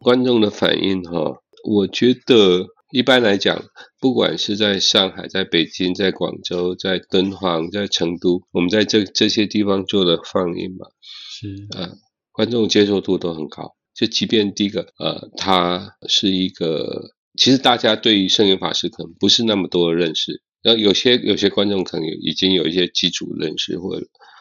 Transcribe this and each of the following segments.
觀眾的反應，哈，我覺得一般來講，不管是在上海、在北京、在廣州、在敦煌、在成都，我們在這這些地方做的放映嘛，嗯是啊，觀眾接受度都很高。就即便第一個，呃，他是一個，其實大家對於聖嚴法師可能不是那麼多的認識，然後有些有些觀眾可能已經有一些基礎認識或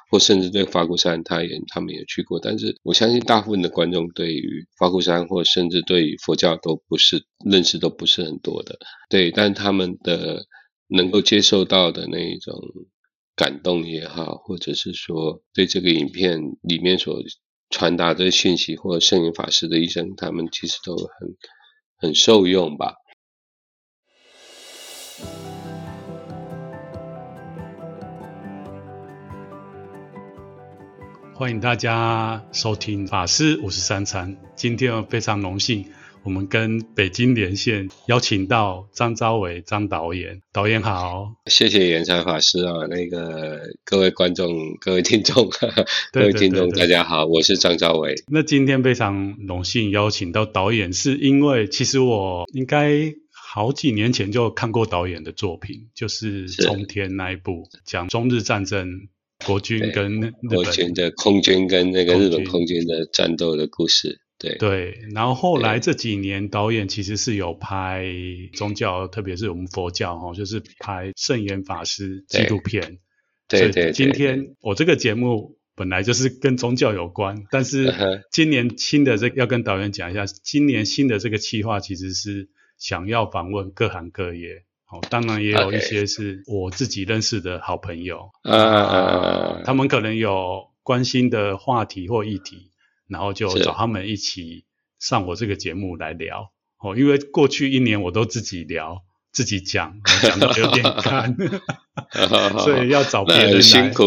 或甚至對法鼓山，他也他們也去過，但是我相信大部分的觀眾對於法鼓山，或甚至對於佛教都不是認識都不是很多的。對，但他們的能夠接受到的那一種感動也好，或者是說對這個影片裡面所傳達的訊息，或聖嚴法師的一生，他們其實都很很受用吧。嗯歡迎大家收聽法師五十三參。今天我非常榮幸，我們跟北京連線，邀請到張釗維張導演。導演好，謝謝延參法師啊，那個各位觀眾、各位聽眾、各位聽眾大家好，我是張釗維。那今天非常榮幸邀請到導演，是因為其實我應該好幾年前就看過導演的作品，就是《沖天》那一部，是講中日戰爭。國軍跟國軍的空軍跟那個日本空軍的戰鬥的故事，對對。然後後來這幾年，導演其實是有拍宗教，特別是我們佛教哈，就是拍聖嚴法師紀錄片。對對。今天我這個節目本來就是跟宗教有關，但是今年新的這個要跟導演講一下，今年新的這個企劃其實是想要訪問各行各業。哦，當然也有一些是我自己認識的好朋友，Okay . uh, 啊，他們可能有關心的話題或議題，然後就找他們一起上我這個節目來聊。是因為過去一年我都自己聊、自己講，講得有點乾， 所以要找別人來 辛苦，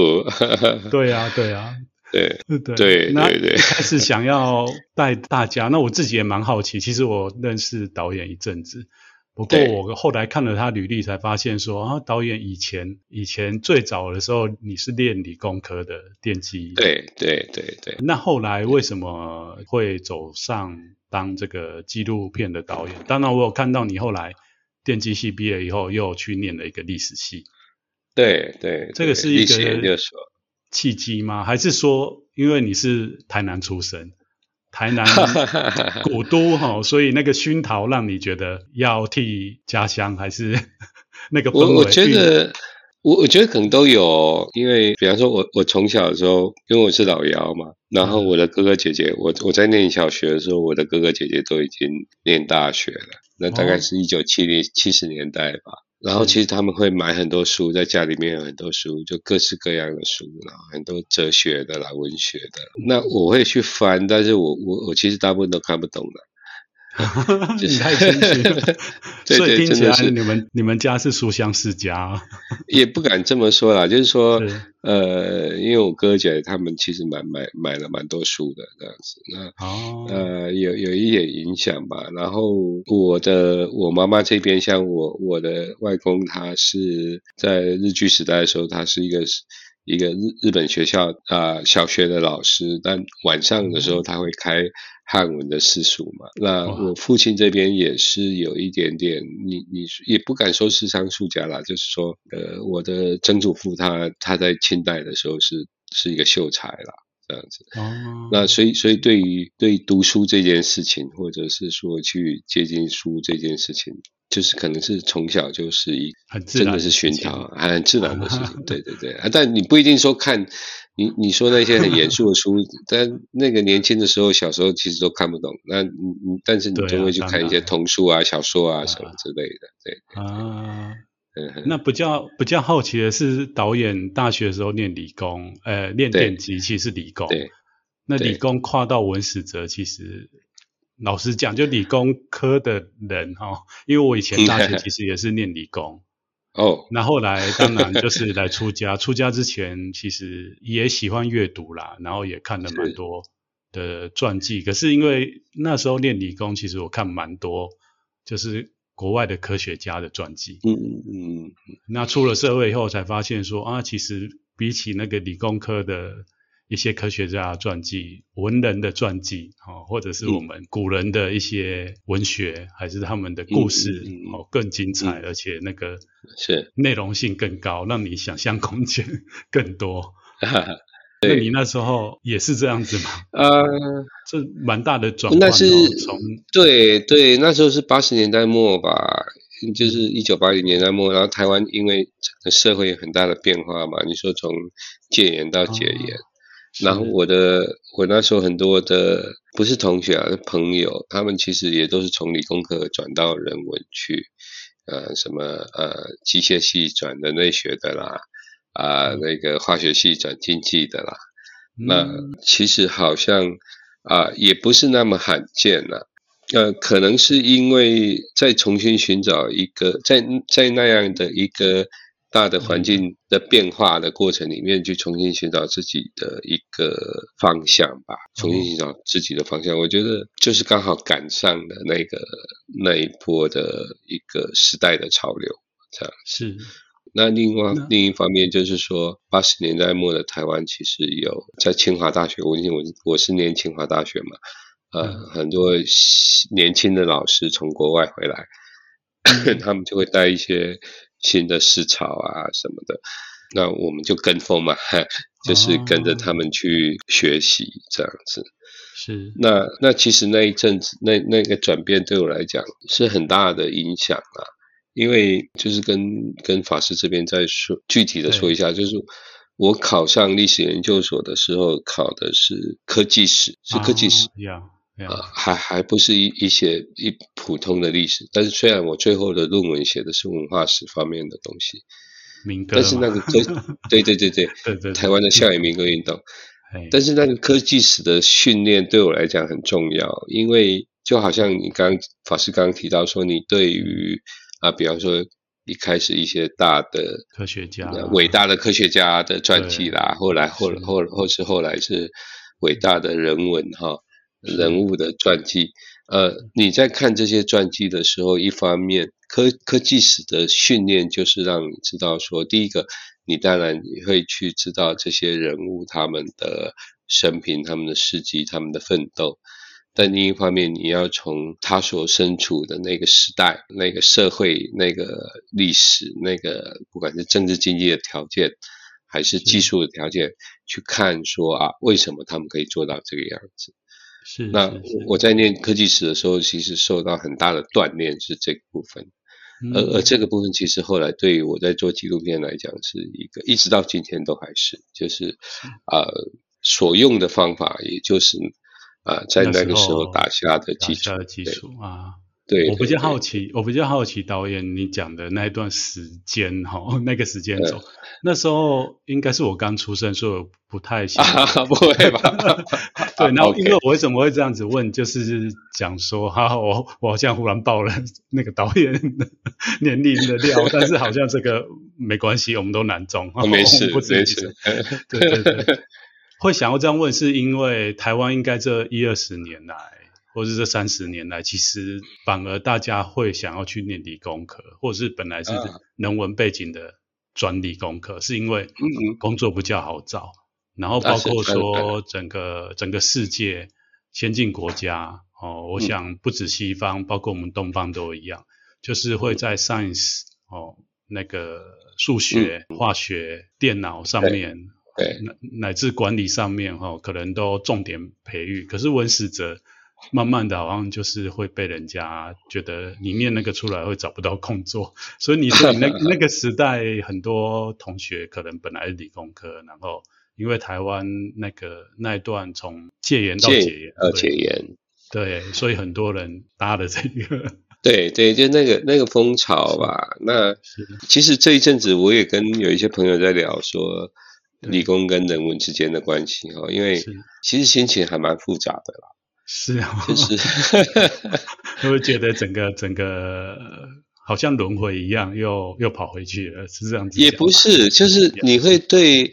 對啊，對啊，對，對，對，對對對，那開始想要帶大家。 那我自己也蠻好奇，其實我認識導演一陣子。不過我後來看了他履歷才發現說，說對啊，導演以前以前最早的時候你是練理工科的電機，對對對對。對對對那後來為什麼會走上當這個紀錄片的導演？當然我有看到你後來電機系畢業以後又去念了一個歷史系，對對，對對這個是一個契機嗎？還是說因為你是台南出生？台南古都哈、 哦，所以那個熏陶讓你覺得要替家鄉還是那個氛圍？我我覺得，我我覺得可能都有，因為比方說我，我我從小的時候，因為我是老幺嘛，然後我的哥哥姐姐，嗯、我我在念小學的時候，我的哥哥姐姐都已經念大學了，那大概是一九七零七十年代吧。哦然後其實他們會買很多書，在家裡面有很多書，就各式各樣的書，然後很多哲學的啦，文學的。那我會去翻，但是我我我其實大部分都看不懂的。哈 太哈 對，謙虛了，所以聽起來你們你們家是書香世家，哦， 也不敢這麼說啦。就是說，是呃，因為我哥姐他們其實買買買了蠻多書的那樣子。那哦，oh. 呃，有有一點影響吧。然後我的我媽媽這邊，像我我的外公，他是在日據時代的時候，他是一個一個日，日本學校啊，呃、小學的老師，但晚上的時候他會開。Mm hmm. 漢文的私塾嘛，那我父親這邊也是有一點點，oh, 你你也不敢說是藏書家了，就是說，呃，我的曾祖父他他在清代的時候是是一個秀才啦。這樣子。哦，oh. 那所以所以對於對於讀書這件事情，或者是說去接近書這件事情，就是可能是從小就是一很自然的事情，真的是尋常很自然的事情，oh, that. 對對對。啊，但你不一定說看。你你說那些很嚴肅的書， 但那個年輕的時候，小時候其實都看不懂。那你你、嗯、但是你就會去看一些童書啊、啊小說啊、啊什麼之類的，對，對，對。啊，嗯、哼那比較比較好奇的是，導演大學的時候念理工，呃，念電機其實是理工。對。那理工跨到文史哲，其實老實講，就理工科的人哈、哦，因為我以前大學其實也是念理工。 哦，oh、那後來當然就是來出家。 出家之前其實也喜歡閱讀啦，然後也看了蠻多的傳記。是，可是因為那時候念理工，其實我看蠻多就是國外的科學家的傳記。嗯嗯嗯。嗯，那出了社會以後才發現說啊，其實比起那個理工科的。一些科學家的傳記、文人的傳記，或者是我們古人的一些文學，嗯、還是他們的故事，哦、嗯，嗯、更精彩，嗯嗯、而且那個是內容性更高，是讓你想象空間更多。啊、對那你那時候也是這樣子嗎？呃、啊，這蠻大的轉換、哦，那是從從對對，那時候是八十年代末吧，就是一九八零年代末，然後台灣因為社會有很大的變化嘛，你說從戒嚴到解嚴。啊然後我的我那時候很多的不是同學啊，是朋友，他們其實也都是從理工科轉到人文去，呃，什麼，呃，機械系轉人類學的啦，啊，呃，那個化學系轉經濟的啦，嗯，那其實好像啊，呃，也不是那麼罕見了，啊，呃，可能是因為在重新尋找一個，在，在那樣的一個。大的環境的變化的過程裡面，嗯、去重新尋找自己的一個方向吧，嗯、重新尋找自己的方向。我覺得就是剛好趕上了那個那一波的一個時代的潮流，這樣是。那另外另一方面就是說，八十、嗯、年代末的台灣其實有在清華大學，我我我是念清華大學嘛，呃，嗯、很多年輕的老師從國外回來，嗯、 他們就會帶一些。新的思潮啊什麼的，那我們就跟風嘛、啊，哦、 就是跟着他們去學習這樣子。是，那那其實那一陣子那那個轉變對我來講是很大的影響啊，因為就是跟跟法師這邊再說具體的說一下，對就是我考上歷史研究所的時候考的是科技史，是科技史。Uh, yeah. 啊、呃，還還不是一一些一普通的歷史，但是雖然我最後的論文寫的是文化史方面的東西，民歌，但是那個科， 對對對對，對對對，台灣的校園民歌運動，對對對，但是那個科技史的訓練對我來講很重要，對因為就好像你剛法師剛剛提到說，你對於啊，比方說一開始一些大的科學家、啊，偉大的科學家、啊、的傳記啦對後，後來後來後或是後來是偉大的人文哈。對嗯人物的傳記，是呃，你在看這些傳記的時候，一方面科科技史的訓練就是讓你知道說，第一個，你當然你會去知道這些人物他們的生平、他們的事蹟、他們的奮鬥，但另一方面，你要從他所身處的那個時代、那個社會、那個歷史、那個不管是政治經濟的條件，還是技術的條件，是去看說啊，為什麼他們可以做到這個樣子。是是是，那我在念科技史的時候，其實受到很大的鍛鍊是這個部分，而而這個部分其實後來對於我在做紀錄片來講是一個，一直到今天都還是，就是，呃，所用的方法，也就是，啊，在那個時候打下的基礎，打下的基礎啊。我比較好奇，對對對，我比較好奇導演你講的那一段時間哈，那個時間走，嗯、那時候應該是我剛出生，所以我不太想、啊，不會吧？啊、 對，然後因為我為什麼會這樣子問，就是講說哈，啊 okay、我我好像忽然爆了那個導演的年齡的料， 但是好像這個沒關係，我們都難中，沒事，啊、不沒事，對對對， 會想要這樣問，是因為台灣應該這一二十年來。或是這三十年來，其實反而大家會想要去念理工科，或者是本來是人文背景的轉理工科，啊、是因為工作比較好找。嗯、然後包括說整個整個世界先進國家哦，我想不止西方，嗯、包括我們東方都一樣，就是會在 science 哦那個數學、嗯、化學、電腦上面，乃乃至管理上面、哦、可能都重點培育。可是文史哲。慢慢的，好像就是會被人家覺得你念那個出來會找不到工作，所以你知道，那那個時代，很多同學可能本來是理工科，然後因為台灣那個那一段從戒嚴到解嚴，對，所以很多人搭了這個，對對，就那個那個風潮吧。是那其實這一陣子我也跟有一些朋友在聊說，理工跟人文之間的關係對因為其實心情還蠻複雜的啦。是啊，就是，他 會覺得整個整個好像輪迴一樣，又，又又跑回去了，是這樣子。也不是，就是你會對 yeah,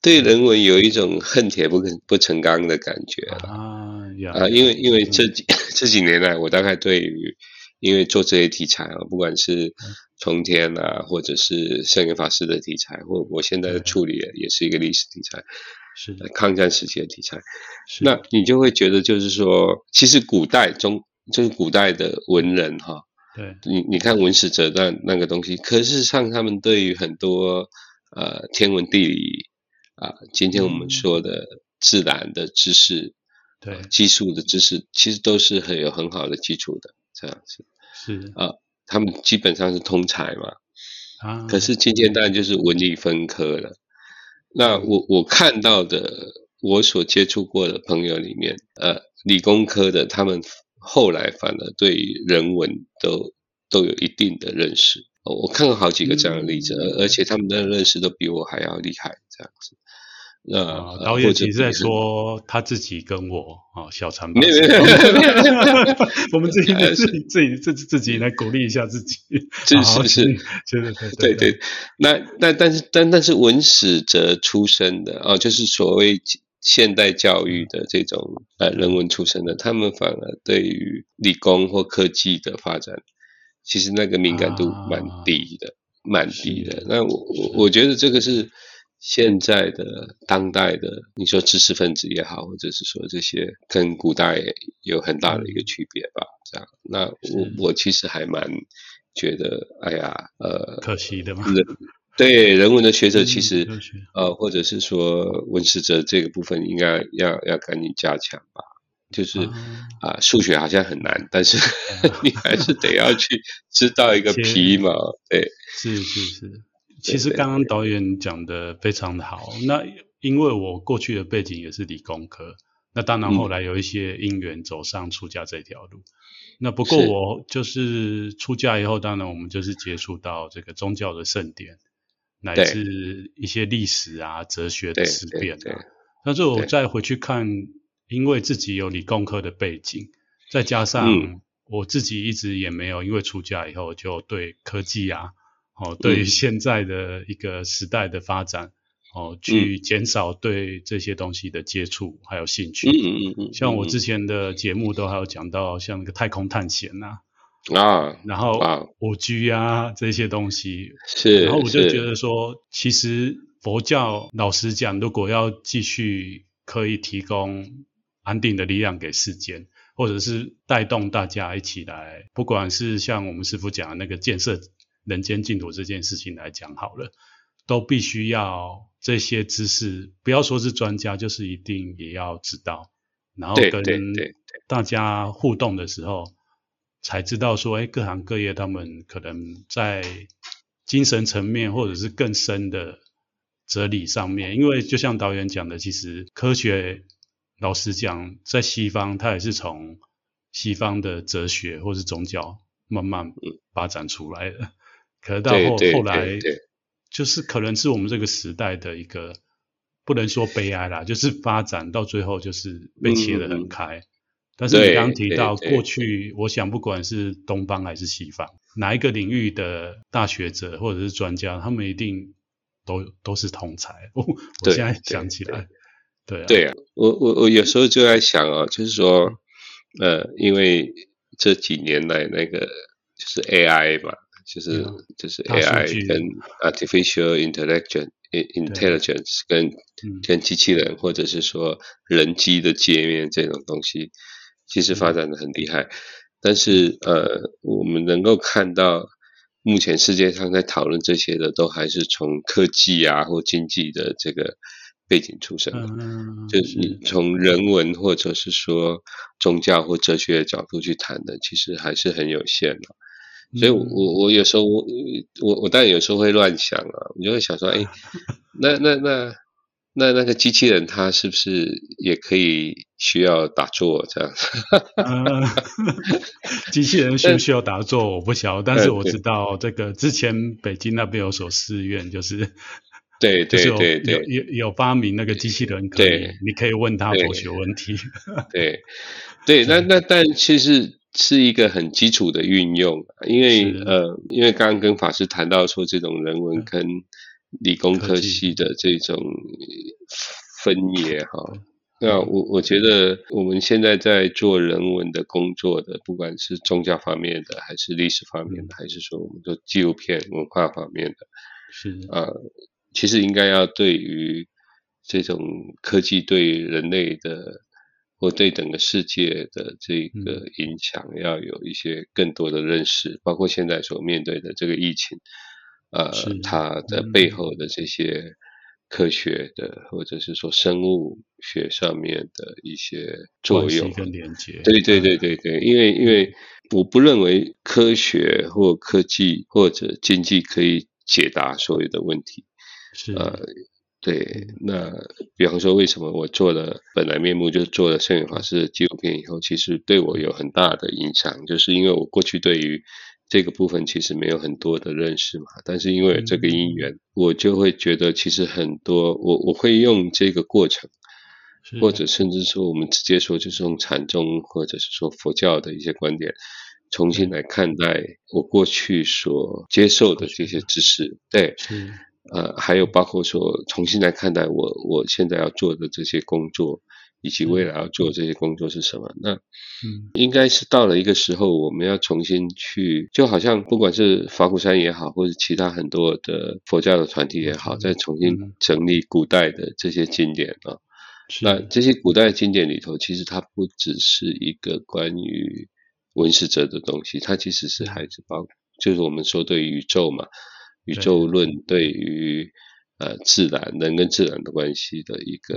對人文有一種恨鐵不不成鋼的感覺啊、yeah, yeah, yeah, yeah. 啊！因為因為這幾這幾年來，我大概對於因為做這些題材啊，不管是沖天啊，Yeah. 或者是聖嚴法師的題材，或我，我現在的處理，也是一個歷史題材。是抗戰時期的題材，是那你就會覺得，就是說，其實古代中就是古代的文人哈、哦，對，你你看文史哲的那，那個東西，可是像他們對於很多呃天文地理啊、呃，今天我們說的自然的知識，嗯、對、呃，技術的知識，其實都是很有很好的基礎的，這樣子是啊、呃，他們基本上是通才嘛，啊，可是今天當然就是文理分科了。那我我看到的，我所接觸過的朋友裡面，呃，理工科的他們後來反而對人文都都有一定的認識。我我看過好幾個這樣的例子，嗯，而且他們的認識都比我還要厲害，這樣子。呃，導演其實在說他自己跟我啊，小長沒有沒有沒有，我們自己自己自己自己來鼓勵一下自己，是是是，確實對對。那那但是但但是文史哲出身的啊，就是所謂現代教育的這種呃人文出身的，他們反而對於理工或科技的發展，其實那個敏感度蠻低的，蠻低的。那我我我覺得這個是。現在的當代的，你說知識分子也好，或者是說這些跟古代有很大的一個區別吧？這樣，那我是我其實還蠻覺得，哎呀，呃，可惜的嘛，對人文的學者其實、嗯、呃，或者是說文史哲這個部分應該要要趕緊加強吧。就是啊、嗯呃，數學好像很難，但是、嗯、 你還是得要去知道一個皮毛，前對，是是是。是是其實剛剛導演講得非常的好，那因為我過去的背景也是理工科，那當然後來有一些因緣走上出家這條路。嗯、那不過我就是出家以後，當然我們就是接觸到這個宗教的聖典，乃至一些歷史啊、對哲學的思辨啊。但是我再回去看，因為自己有理工科的背景，再加上我自己一直也沒有，因為出家以後就對科技啊。哦，對於現在的一個時代的發展，嗯、哦，去減少對這些東西的接觸還有興趣。嗯嗯嗯，像我之前的節目都還有講到，像那個太空探險吶，啊，啊然後居啊五 G 啊這些東西。是。然後我就覺得說，是其實佛教老實講，如果要繼續可以提供安定的力量給世間，或者是帶動大家一起來，不管是像我們師父講的那個建設。人間淨土這件事情來講好了，都必須要這些知識，不要說是專家，就是一定也要知道。然後跟大家互動的時候，對對對對。才知道說，哎、欸，各行各業他們可能在精神層面，或者是更深的哲理上面。因為就像導演講的，其實科學老實講，在西方它也是從西方的哲學或是宗教慢慢發展出來的。嗯可是到後對對對對對後來，就是可能是我們這個時代的一個不能說悲哀啦，就是發展到最後就是被切得很開。嗯嗯，但是你剛剛提到過去，對對對對對，我想不管是東方還是西方，哪一個領域的大學者或者是專家，他們一定都都是通才。我、哦、我現在想起來，對，對，對，對啊對啊，我我我有時候就在想啊、哦，就是說，呃，因為這幾年來那個就是 AI 嘛。就是、嗯、就是 AI 跟 artificial intelligence、嗯、intelligence 對跟跟機器人、嗯、或者是說人機的界面這種東西，其實發展得很厲害。嗯、但是呃，我們能夠看到，目前世界上在討論這些的，都還是從科技啊或經濟的這個背景出身的，嗯、就是從人文或者是說宗教或哲學的角度去談的，其實還是很有限的。所以我，我我有時候我我當然有時候會亂想啊，我就會想說，哎，那那那那那個機器人，它是不是也可以需要打坐這樣？哈哈哈哈哈！機器人需不需要打坐，我不曉得，嗯、但是我知道這個、嗯、之前北京那邊有所寺院，就是對，對就是有有有有發明那個機器人，可以，對你可以問他佛學問題。對對，對對嗯、那那但其實。是一個很基礎的運用，因為的呃，因為剛剛跟法師談到說，這種人文跟理工科系的這種分野哈技、哦，那我我覺得我們現在在做人文的工作的，不管是宗教方面的，還是歷史方面的，嗯、還是說我們的紀錄片文化方面的，是的啊、呃，其實應該要對於這種科技對人類的。或對整個世界的這個影響，要有一些更多的認識，嗯、包括現在所面對的這個疫情，呃，是它的背後的這些科學的，嗯、或者是說生物學上面的一些作用和連接，對對對對對，嗯、因為因為我不認為科學或科技或者經濟可以解答所有的問題，是呃對，那比方說，為什麼我做了本來面目，就是做了聖嚴法師紀錄片以後，其實對我有很大的影響，就是因為我過去對於這個部分其實沒有很多的認識嘛。但是因為這個因緣，嗯、我就會覺得其實很多，我我會用這個過程，是或者甚至說，我們直接說，就是用禪宗或者是說佛教的一些觀點，重新來看待我過去所接受的這些知識，嗯、對。呃，還有包括說重新來看待我我現在要做的這些工作，以及未來要做的這些工作是什麼？嗯、那應該是到了一個時候，我們要重新去，就好像不管是法鼓山也好，或者其他很多的佛教的團體也好，嗯、再重新整理古代的這些經典啊，哦。的那這些古代的經典裡頭，其實它不只是一個關於文史哲的東西，它其實是還是包括，就是我們說對宇宙嘛。宇宙論，對於對對對，呃，自然人跟自然的關係的一個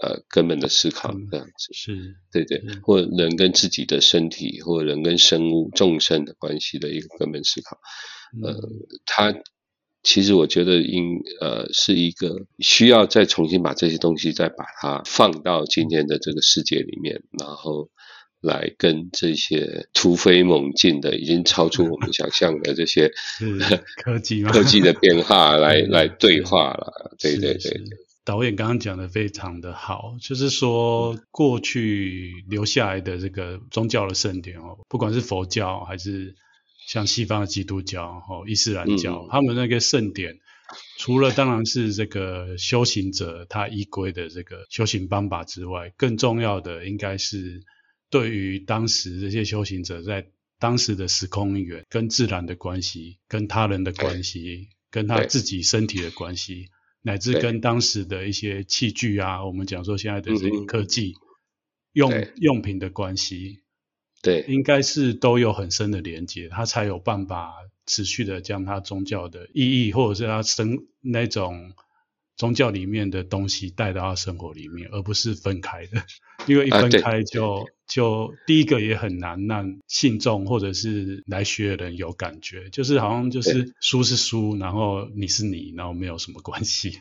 呃根本的思考，嗯、這樣子是對，對是或人跟自己的身體，或人跟生物眾生的關係的一個根本思考，呃，它其實我覺得應呃是一個需要再重新把這些東西再把它放到今天的這個世界裡面，然後。來跟這些突飛猛進的、已經超出我們想象的這些 科技科技的變化來 對來對話了。是對對對，導演剛剛講的非常的好，就是說，過去留下來的這個宗教的聖典哦，不管是佛教還是像西方的基督教、哦伊斯蘭教，嗯、他們那個聖典，除了當然是這個修行者他依歸的這個修行方法之外，更重要的應該是。對於當時這些修行者，在當時的時空，緣跟自然的關係，跟他人的關係，跟他自己身體的關係，乃至跟當時的一些器具啊，我們講說現在的這些科技用用品的關係，對，應該是都有很深的連接，他才有辦法持續的將他宗教的意義，或者是他生那種宗教裡面的東西帶到他生活裡面，而不是分開的。因為一分開就、啊、就第一個也很難讓信眾或者是來學的人有感覺，就是好像就是書是書，對然後你是你，然後沒有什麼關係。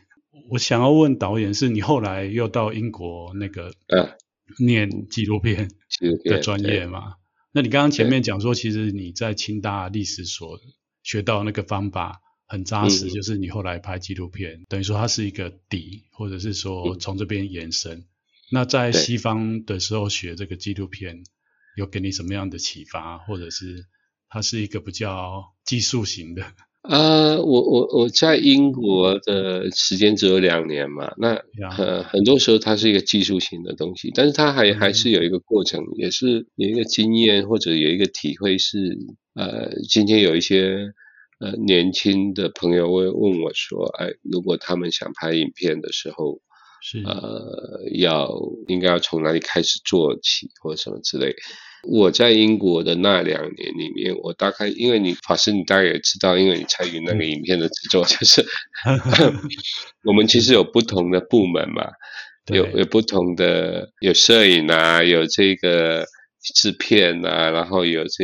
我想要問導演，是你後來又到英國那個念紀錄片的專業嗎？那你剛剛前面講說，其實你在清大歷史所學到那個方法很扎實，就是你後來拍紀錄片，嗯、等於說它是一個底，或者是說從這邊延伸。嗯那在西方的時候學這個紀錄片，對有給你什麼樣的啟發，或者是它是一個比較技術型的？啊、呃，我我我在英國的時間只有兩年嘛，那 Yeah. 呃很多時候它是一個技術型的東西，但是它還 Okay. 還是有一個過程，也是有一個經驗或者有一個體會是，呃，今天有一些呃年輕的朋友會問我說，哎、呃，如果他們想拍影片的時候，是。呃，要應該要從哪裡開始做起，或者什麼之類。我在英國的那兩年裡面，我大概，因為你，法師，你大概也知道，因為你參與那個影片的製作，嗯、就是 我們其實有不同的部門嘛，對有有不同的，有攝影啊，有這個。製片吶、啊，然後有這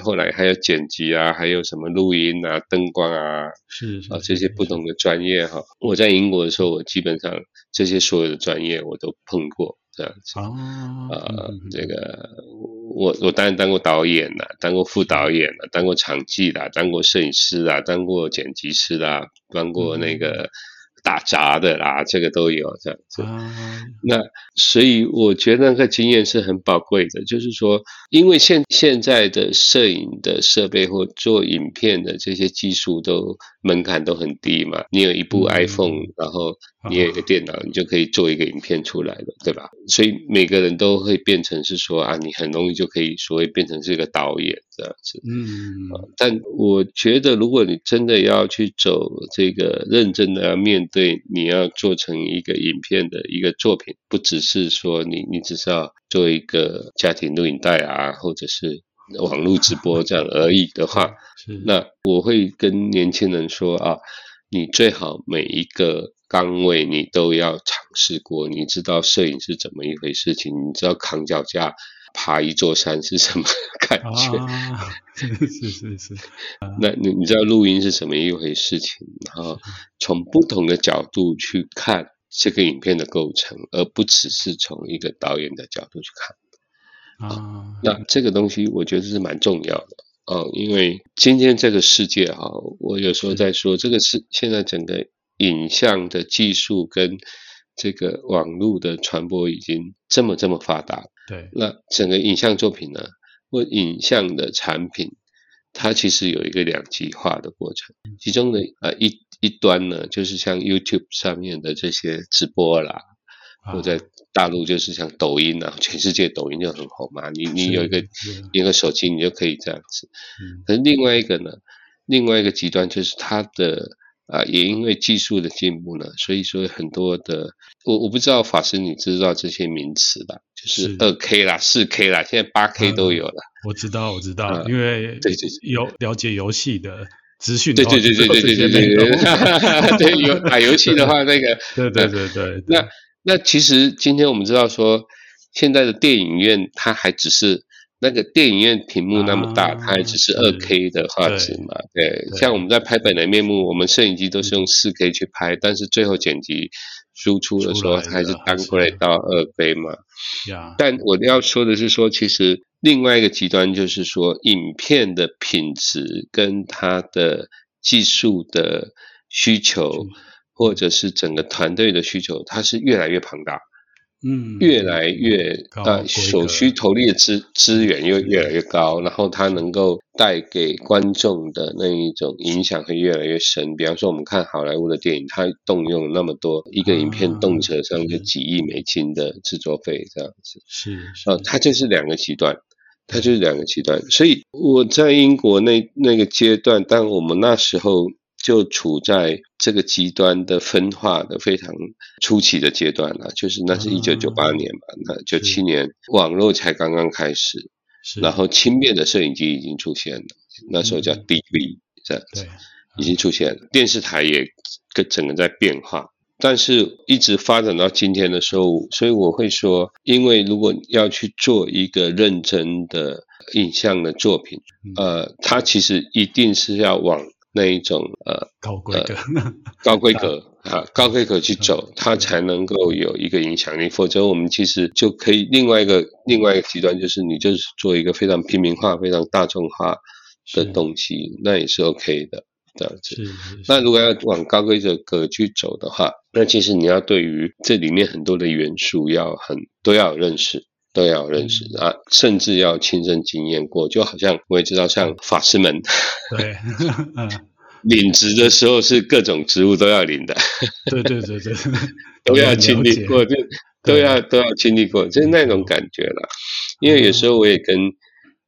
個，後來還有剪輯啊，還有什麼錄音啊、燈光啊，是，是，是，是啊，這些不同的專業哈。我在英國的時候，我基本上這些所有的專業我都碰過，這樣子啊。呃、嗯嗯，這個，我我當然當過導演了、啊，當過副導演了、啊，當過場記的、啊，當過攝影師啊，當過剪輯師啊，當過那個。嗯打雜的啦，這個都有這樣子。啊、那所以我覺得那個經驗是很寶貴的，就是說，因為現現在的攝影的設備或做影片的這些技術都門檻都很低嘛，你有一部 iPhone，嗯、然後你有一個電腦，好好你就可以做一個影片出來了，對吧？所以每個人都會變成是說啊，你很容易就可以所謂變成是一個導演。這樣子，嗯，但我覺得，如果你真的要去走這個認真的要面對，你要做成一個影片的一個作品，不只是說你你只是要做一個家庭錄影帶啊，或者是網絡直播這樣而已的話，啊、那我會跟年輕人說啊，你最好每一個崗位你都要嘗試過，你知道攝影是怎麼一回事情，你知道扛腳架。爬一座山是什麼感覺？啊、是是是。啊、 那，你你知道錄音是什麼一回事情？然後從不同的角度去看這個影片的構成，而不只是從一個導演的角度去看。啊、哦，那這個東西我覺得是蠻重要的啊、哦，因為今天這個世界哈、哦，我有時候在說，說是這個是現在整個影像的技術跟這個網絡的傳播已經這麼這麼發達了。對，那整個影像作品呢，或影像的產品，它其實有一個兩極化的過程。其中的呃一一端呢，就是像 YouTube 上面的這些直播啦，或在大陸就是像抖音啦、啊，啊、全世界抖音就很紅嘛。你你有一個一個的手機，你就可以這樣子。嗯、可是另外一個呢，另外一個極端就是它的啊、呃，也因為技術的進步呢，所以說很多的，我我不知道法師你知道這些名詞吧？就是二 K 啦，四 K 啦，現在八 K 都有了。我知道，我知道，因為對對，有了解遊戲的資訊，對對對對對對對對，對有打遊戲的話，那個對對對對。那那其實今天我們知道說，現在的電影院它還只是那個電影院屏幕那麼大，它還只是二 K 的畫質嘛？對，像我們在拍《本來面目》，我們攝影機都是用四 K 去拍，但是最後剪輯。輸出的時候還是單過到二倍嘛，但我要說的是說，其實另外一個極端就是說，影片的品質跟它的技術的需求，或者是整個團隊的需求，它是越來越龐大。嗯，越來越，大高，呃、所需投入的資高資,格資源又越來越高，的然後它能夠帶給觀眾的那一種影響會越來越深。的比方說，我們看好萊塢的電影，它動用那麼多一個影片動輒上個幾億美金的制作費、啊、這樣子，是,的它是，它就是兩個極端，它就是兩個極端。所以我在英國那那個階段，但我們那時候。就處在這個極端的分化，的非常初期的階段了、啊，就是那是一九九八年吧，嗯、那九七年是網絡才剛剛開始，是然後輕便的攝影機已經出現了，那時候叫 DV，、嗯、這樣子對，已經出現了，嗯、電視台也跟整個在變化，但是一直發展到今天的時候，所以我會說，因為如果要去做一個認真的影像的作品，呃，它其實一定是要往。那一種呃，高規格、呃、高規格 啊，高規格去走，嗯、它才能夠有一個影響力。嗯、否則，我們其實就可以另外一個另外一個極端，就是你就是做一個非常平民化、非常大眾化的東西，是那也是 OK 的這樣子。那如果要往高規格格去走的話，那其實你要對於這裡面很多的元素要很都要有認識。都要認識啊，甚至要親身經驗過，就好像我也知道，像法師們，對，呵呵領職的時候是各種職務都要領的，對對對對，都要經歷過，就都要對都要經歷過，對就是那種感覺了。因為有時候我也跟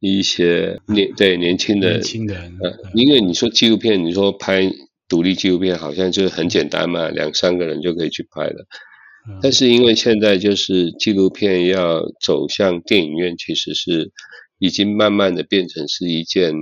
一些年、嗯、對年輕的年輕人，因為你說紀錄片，你說拍獨立紀錄片，好像就是很簡單嘛，兩三個人就可以去拍了。但是因為現在就是紀錄片要走向電影院，其實是已經慢慢的變成是一件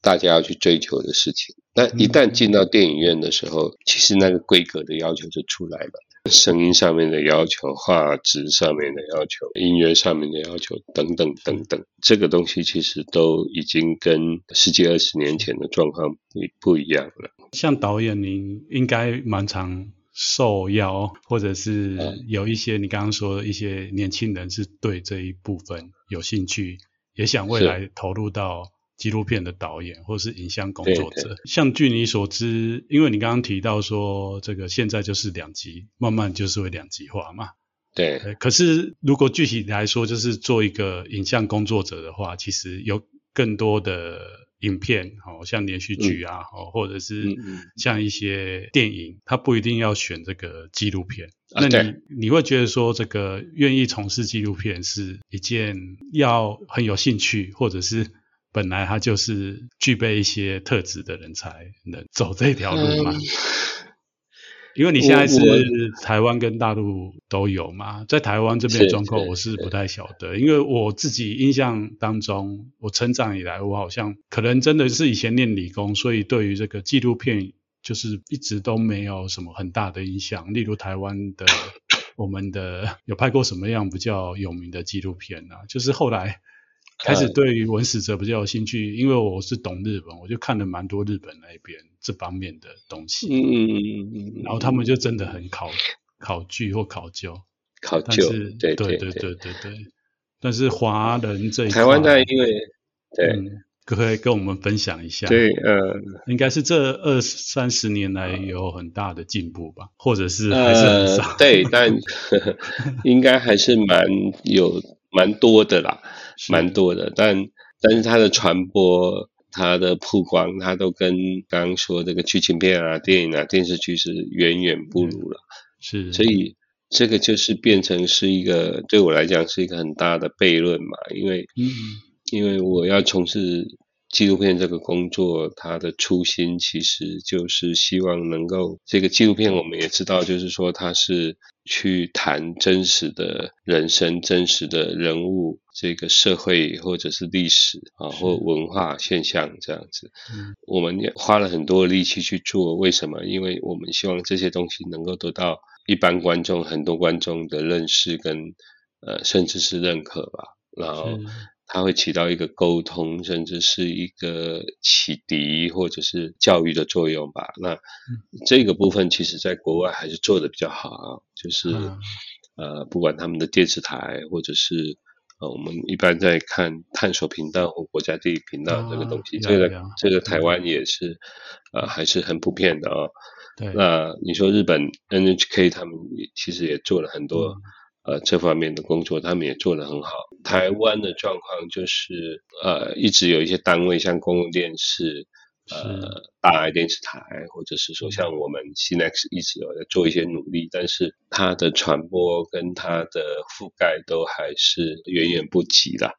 大家要去追求的事情。那一旦進到電影院的時候，其實那個規格的要求就出來了，聲音上面的要求、畫質上面的要求、音樂上面的要求等等等等，這個東西其實都已經跟十幾二十年前的狀況不一不一樣了。像導演，您應該蠻常。受邀，或者是有一些你剛剛說的一些年輕人是對這一部分有興趣，也想未來投入到紀錄片的導演或是影像工作者。對對。像據你所知，因為你剛剛提到說這個現在就是兩極，慢慢就是會兩極化嘛。對。可是如果具體來說，就是做一個影像工作者的話，其實有更多的。影片，好像連續劇啊，好、嗯，或者是像一些電影，他不一定要選這個紀錄片。Okay. 那你你會覺得說，這個願意從事紀錄片是一件要很有興趣，或者是本來他就是具備一些特質的人才能走這條路嗎？Okay. 因為你現在是台灣跟大陸都有嘛，在台灣這邊的狀況我是不太曉得，因為我自己印象當中，我成長以來，我好像可能真的是以前念理工，所以對於這個紀錄片就是一直都沒有什麼很大的影響。例如台灣的我們的有拍過什麼樣比較有名的紀錄片呢？啊？就是後來。開始對於文史哲比較有興趣，嗯、因為我是懂日文，我就看了蠻多日本那邊這方面的東西。嗯嗯嗯嗯。然後他們就真的很考考據或考究，考究。是對對對對對，對，對，對，但是華人這一塊，台灣在因為對，可不、嗯、可以跟我們分享一下？對，嗯、呃，應該是這二三十年來有很大的進步吧，呃、或者是還是很少、呃、對，但 應該還是蠻有蠻多的啦。蠻多的，但但是它的傳播、它的曝光，它都跟剛剛說這個劇情片啊、電影啊、電視劇是遠遠不如了。是的，所以這個就是變成是一個對我來講是一個很大的悖論嘛，因為、嗯、因為我要從事紀錄片這個工作，它的初心其實就是希望能夠這個紀錄片我們也知道，就是說它是去談真實的人生、真實的人物。這個社會或者是歷史啊，或文化現象這樣子，我們也花了很多力氣去做。為什麼？因為我們希望這些東西能夠得到一般觀眾、很多觀眾的認識跟呃，甚至是認可吧。然後它會起到一個溝通，甚至是一個啟迪或者是教育的作用吧。那這個部分其實在國外還是做得比較好啊，就是呃，不管他們的電視台或者是。呃、我們一般在看探索頻道或國家地理頻道這個東西，啊啊啊、這個、啊啊、這個台灣也是，嗯、啊還是很普遍的啊、哦。對，那你說日本 NHK 他們也其實也做了很多、嗯、呃這方面的工作，他們也做得很好。嗯、台灣的狀況就是，呃，一直有一些單位像公共電視。是呃，大愛電視台，或者是說像我們 Cinex 一直有在做一些努力，嗯、但是它的傳播跟它的覆蓋都還是遠遠不及的，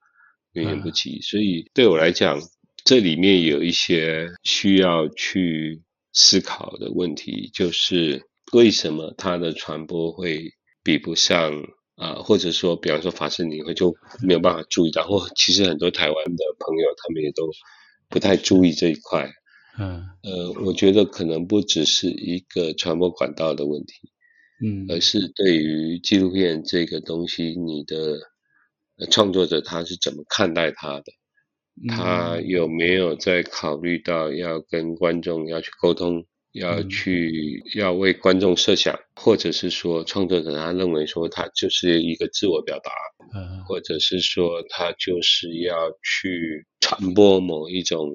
遠遠不及。嗯、所以對我來講，這裡面有一些需要去思考的問題，就是為什麼它的傳播會比不上啊、呃？或者說，比方說法師你會就沒有辦法注意到，或、嗯、其實很多台灣的朋友他們也都不太注意這一塊。嗯，呃，我覺得可能不只是一個傳播管道的問題，嗯，而是對於紀錄片這個東西，你的、呃、創作者他是怎麼看待他的？他有沒有在考慮到要跟觀眾要去溝通，嗯、要去要為觀眾設想，或者是說創作者他認為說他就是一個自我表達，嗯、或者是說他就是要去傳播某一種。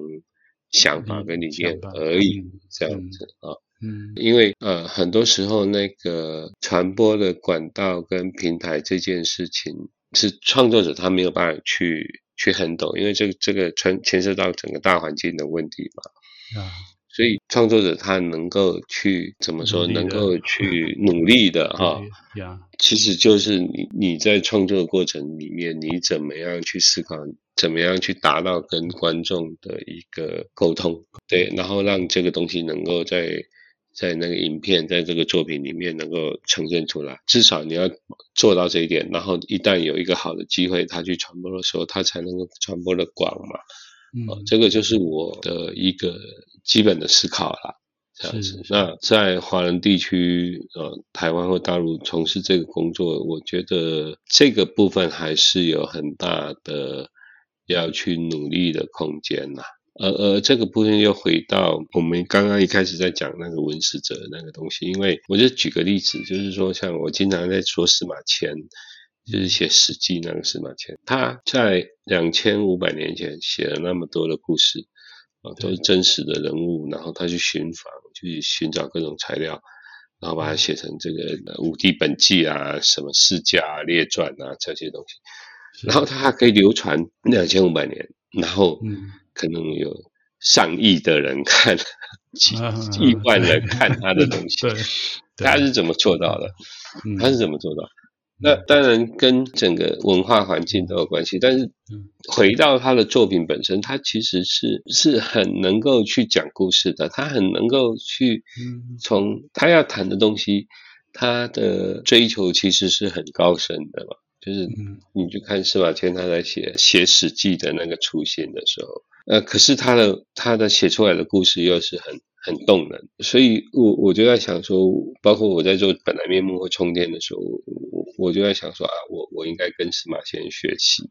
想法跟理念而已，嗯嗯、這樣子啊、嗯，嗯，啊、因為呃很多時候那個傳播的管道跟平台這件事情，是創作者他沒有辦法去去很懂，因為這個這個傳牽涉到整個大環境的問題嘛。嗯所以創作者他能夠去怎麼說，能夠去努力的哈， 對吼其實就是你你在創作的過程裡面，你怎麼樣去思考，怎麼樣去達到跟觀眾的一個溝通，對，然後讓這個東西能夠在在那個影片在這個作品裡面能夠呈現出來。至少你要做到這一點，然後一旦有一個好的機會，它去傳播的時候，它才能夠傳播的廣嘛。哦，這個就是我的一個基本的思考了。嗯，這樣子，是是是。那在華人地區，呃，台灣或大陸從事這個工作，我覺得這個部分還是有很大的要去努力的空間吶。呃呃，而這個部分又回到我們剛剛一開始在講那個文史哲的那個東西，因為我就舉個例子，就是說像我經常在說司馬遷。就是寫史記那個司馬遷，他在兩千五百年前寫了那麼多的故事啊，都是真實的人物，然後他去尋訪，去尋找各種材料，然後把它寫成這個《五、呃、帝本紀》啊、什麼、啊《世家列傳、啊》啊這些東西，是然後他還可以流傳兩千五百年，然後嗯，可能有上億的人看，嗯、幾億萬人看他的東西，啊、對，對，他是怎麼做到的？嗯、他是怎麼做到？那當然跟整個文化環境都有關係，但是回到他的作品本身，他其實是是很能夠去講故事的，他很能夠去從他要談的東西，他的追求其實是很高深的嘛。就是，你就看司馬遷他在寫寫史記的那個出現的時候，呃，可是他的他的寫出來的故事又是很很動人，所以我我就在想說，包括我在做本來面目或沖天的時候，我我就在想說啊，我我應該跟司馬遷學習，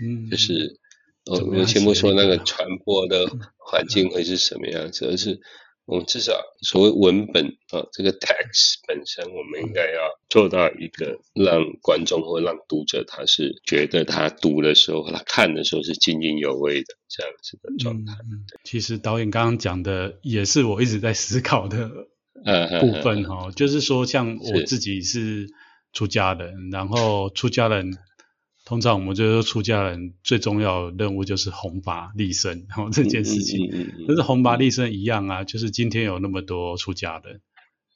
嗯，嗯，就是，我、哦、我先不說那個傳播的環境會是什麼樣子，嗯嗯、而是。我們，哦，至少所謂文本啊，哦，這個 text 本身，我們應該要做到一個讓觀眾或讓讀者，他是覺得他讀的時候，他看的時候是津津有味的這樣子的狀態，嗯。其實導演剛剛講的也是我一直在思考的，部分哈，就是說像我自己是出家人，然後出家人。通常我們就是出家人，最重要的任務就是弘法利生，這件事情。嗯嗯嗯嗯、但是弘法利生一樣啊，就是今天有那麼多出家人，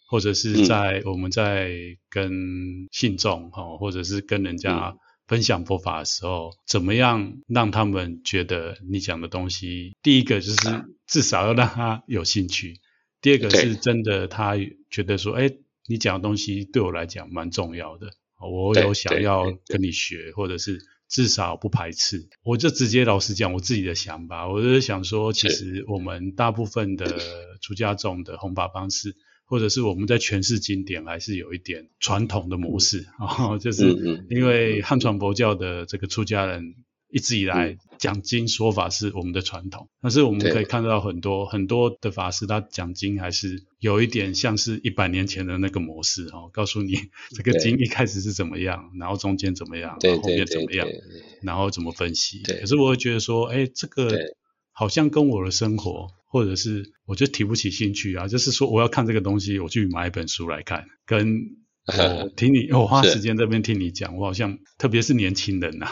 或者是在、嗯、我們在跟信眾哈，或者是跟人家分享佛法的時候，嗯、怎麼樣讓他們覺得你講的東西，第一個就是至少要讓他有興趣，第二個是真的他覺得說，嗯、哎，你講的東西對我來講蠻重要的。我有想要跟你學，對對對對，或者是至少不排斥，我就直接老實講我自己的想法。我就想說，其實我們大部分的出家眾的弘法方式，或者是我們在詮釋經典，還是有一點傳統的模式啊，嗯，哦，就是因為漢傳佛教的這個出家人。一直以來講經說法是我們的傳統，但是我們可以看到很多很多的法師，他講經還是有一點像是一百年前的那個模式哦，告訴你這個經一開始是怎麼樣，然後中間怎麼樣，然後後面怎麼樣，然後怎麼分析。可是我會覺得說，哎，這個好像跟我的生活，或者是我就提不起興趣啊。就是說我要看這個東西，我去買一本書來看，跟我聽你，我花時間這邊聽你講，我好像特別是年輕人啊。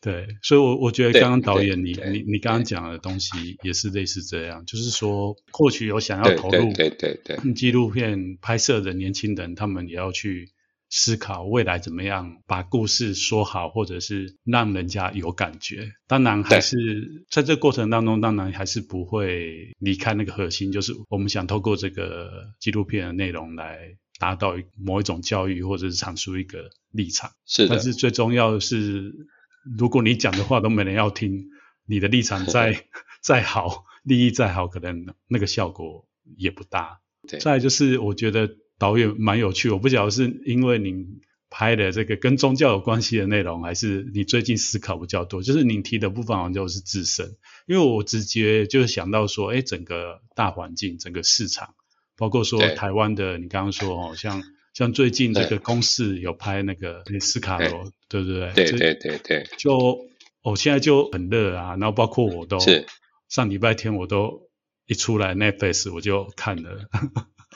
對，所以我，我我覺得剛剛導演你你你剛剛講的東西也是類似這樣，就是說，或許有想要投入對對對紀錄片拍攝的年輕人，他們也要去思考未來怎麼樣把故事說好，或者是讓人家有感覺。當然還是對在這個過程當中，當然還是不會離開那個核心，就是我們想透過這個紀錄片的內容來達到某一種教育，或者是闡述一個立場。是的，但是最重要的是。如果你講的話都沒人要聽，你的立場再 再好，利益再好，可能那個效果也不大。對。再來就是，我覺得導演蠻有趣。我不曉得是因為您拍的這個跟宗教有關係的內容，還是你最近思考比較多。就是您提的部分好像就是自身，因為我直接就是想到說，哎、欸，整個大環境、整個市場，包括說台灣的，對你剛剛說好像。像最近這個公視有拍那個斯卡羅，對，對不對？對對對對，對對對就哦現在就很熱啊，然後包括我都是上禮拜天我都一出來 Netflix 我就看了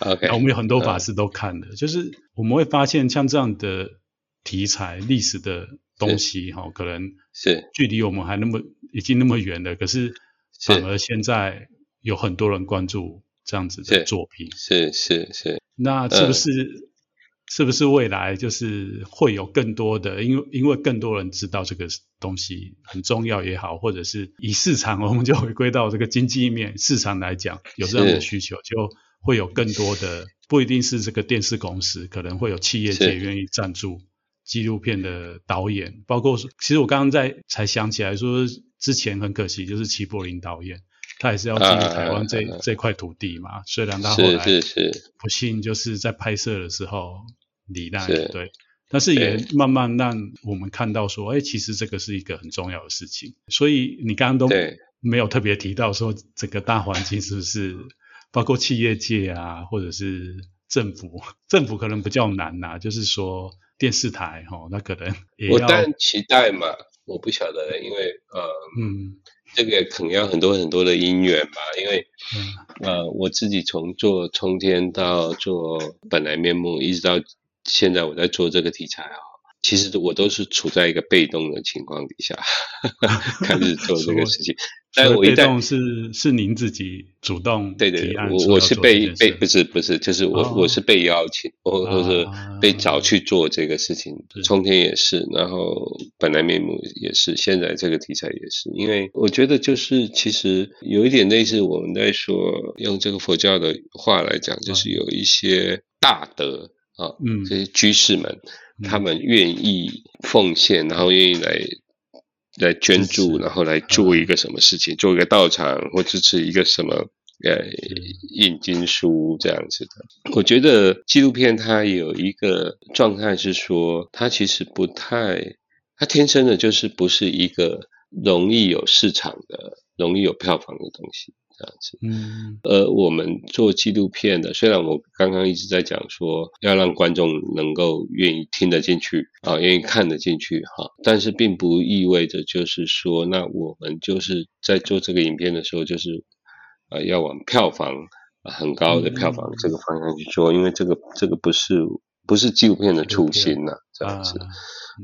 ，OK，我們 有很多法師都看了。嗯、就是我們會發現像這樣的題材、是歷史的東西，哈、哦，可能是距離我們還那麼已經那麼遠了，可是反而現在有很多人關注這樣子的作品，是是是，是是是是，那是不是、嗯？是不是未來就是會有更多的？因為因為更多人知道這個東西很重要也好，或者是以市場，我們就回歸到這個經濟面市場來講，有這樣的需求，是就會有更多的，不一定是這個電視公司，可能會有企業也願意贊助紀錄片的導演，是包括其實我剛剛在才想起來說，之前很可惜就是齊柏林導演。他還是要進入台灣這、啊啊啊、這塊土地嘛，雖然他後來不幸就是在拍攝的時候罹難，對，是是是，但是也慢慢讓我們看到說，哎對、欸，其實這個是一個很重要的事情。所以你剛剛都沒有特別提到說整個大環境是不是包括企業界啊，或者是政府？政府可能比較難吶、啊，就是說電視台哦，那可能也要我但期待嘛，我不曉得，因為呃嗯。這個可能要很多很多的因緣吧，因為，呃，我自己從做沖天到做本來面目，一直到現在我在做這個題材啊，其實我都是處在一個被動的情況底下， 開始做這個事情。 但我一旦被動是是，您自己主動，對對對，要我我是被被，被不是不是，就是我、哦、我是被邀請，哦、或者被找去做這個事情。哦、是沖天也是，然後本來面目也是，現在這個題材也是。因為我覺得就是其實有一點類似我們在說，用這個佛教的話來講，哦、就是有一些大德，啊，嗯、哦，這些居士們，嗯、他們願意奉獻，嗯、然後願意來、嗯、來捐助，是然後來做一個什麼事情，嗯、做一個道場，或支持一個什麼呃、哎、印經書這樣子的。是我覺得紀錄片它有一個狀態是說，它其實不太，它天生的就是不是一個容易有市場的、容易有票房的東西。這樣子，嗯，呃，我們做紀錄片的，雖然我剛剛一直在講說，要讓觀眾能夠願意聽得進去啊，呃、願意看得進去哈，但是並不意味着就是說，那我們就是在做這個影片的時候，就是啊、呃，要往票房、呃、很高的票房這個方向去做，嗯、因為這個這個不是不是紀錄片的初心吶、啊，這樣子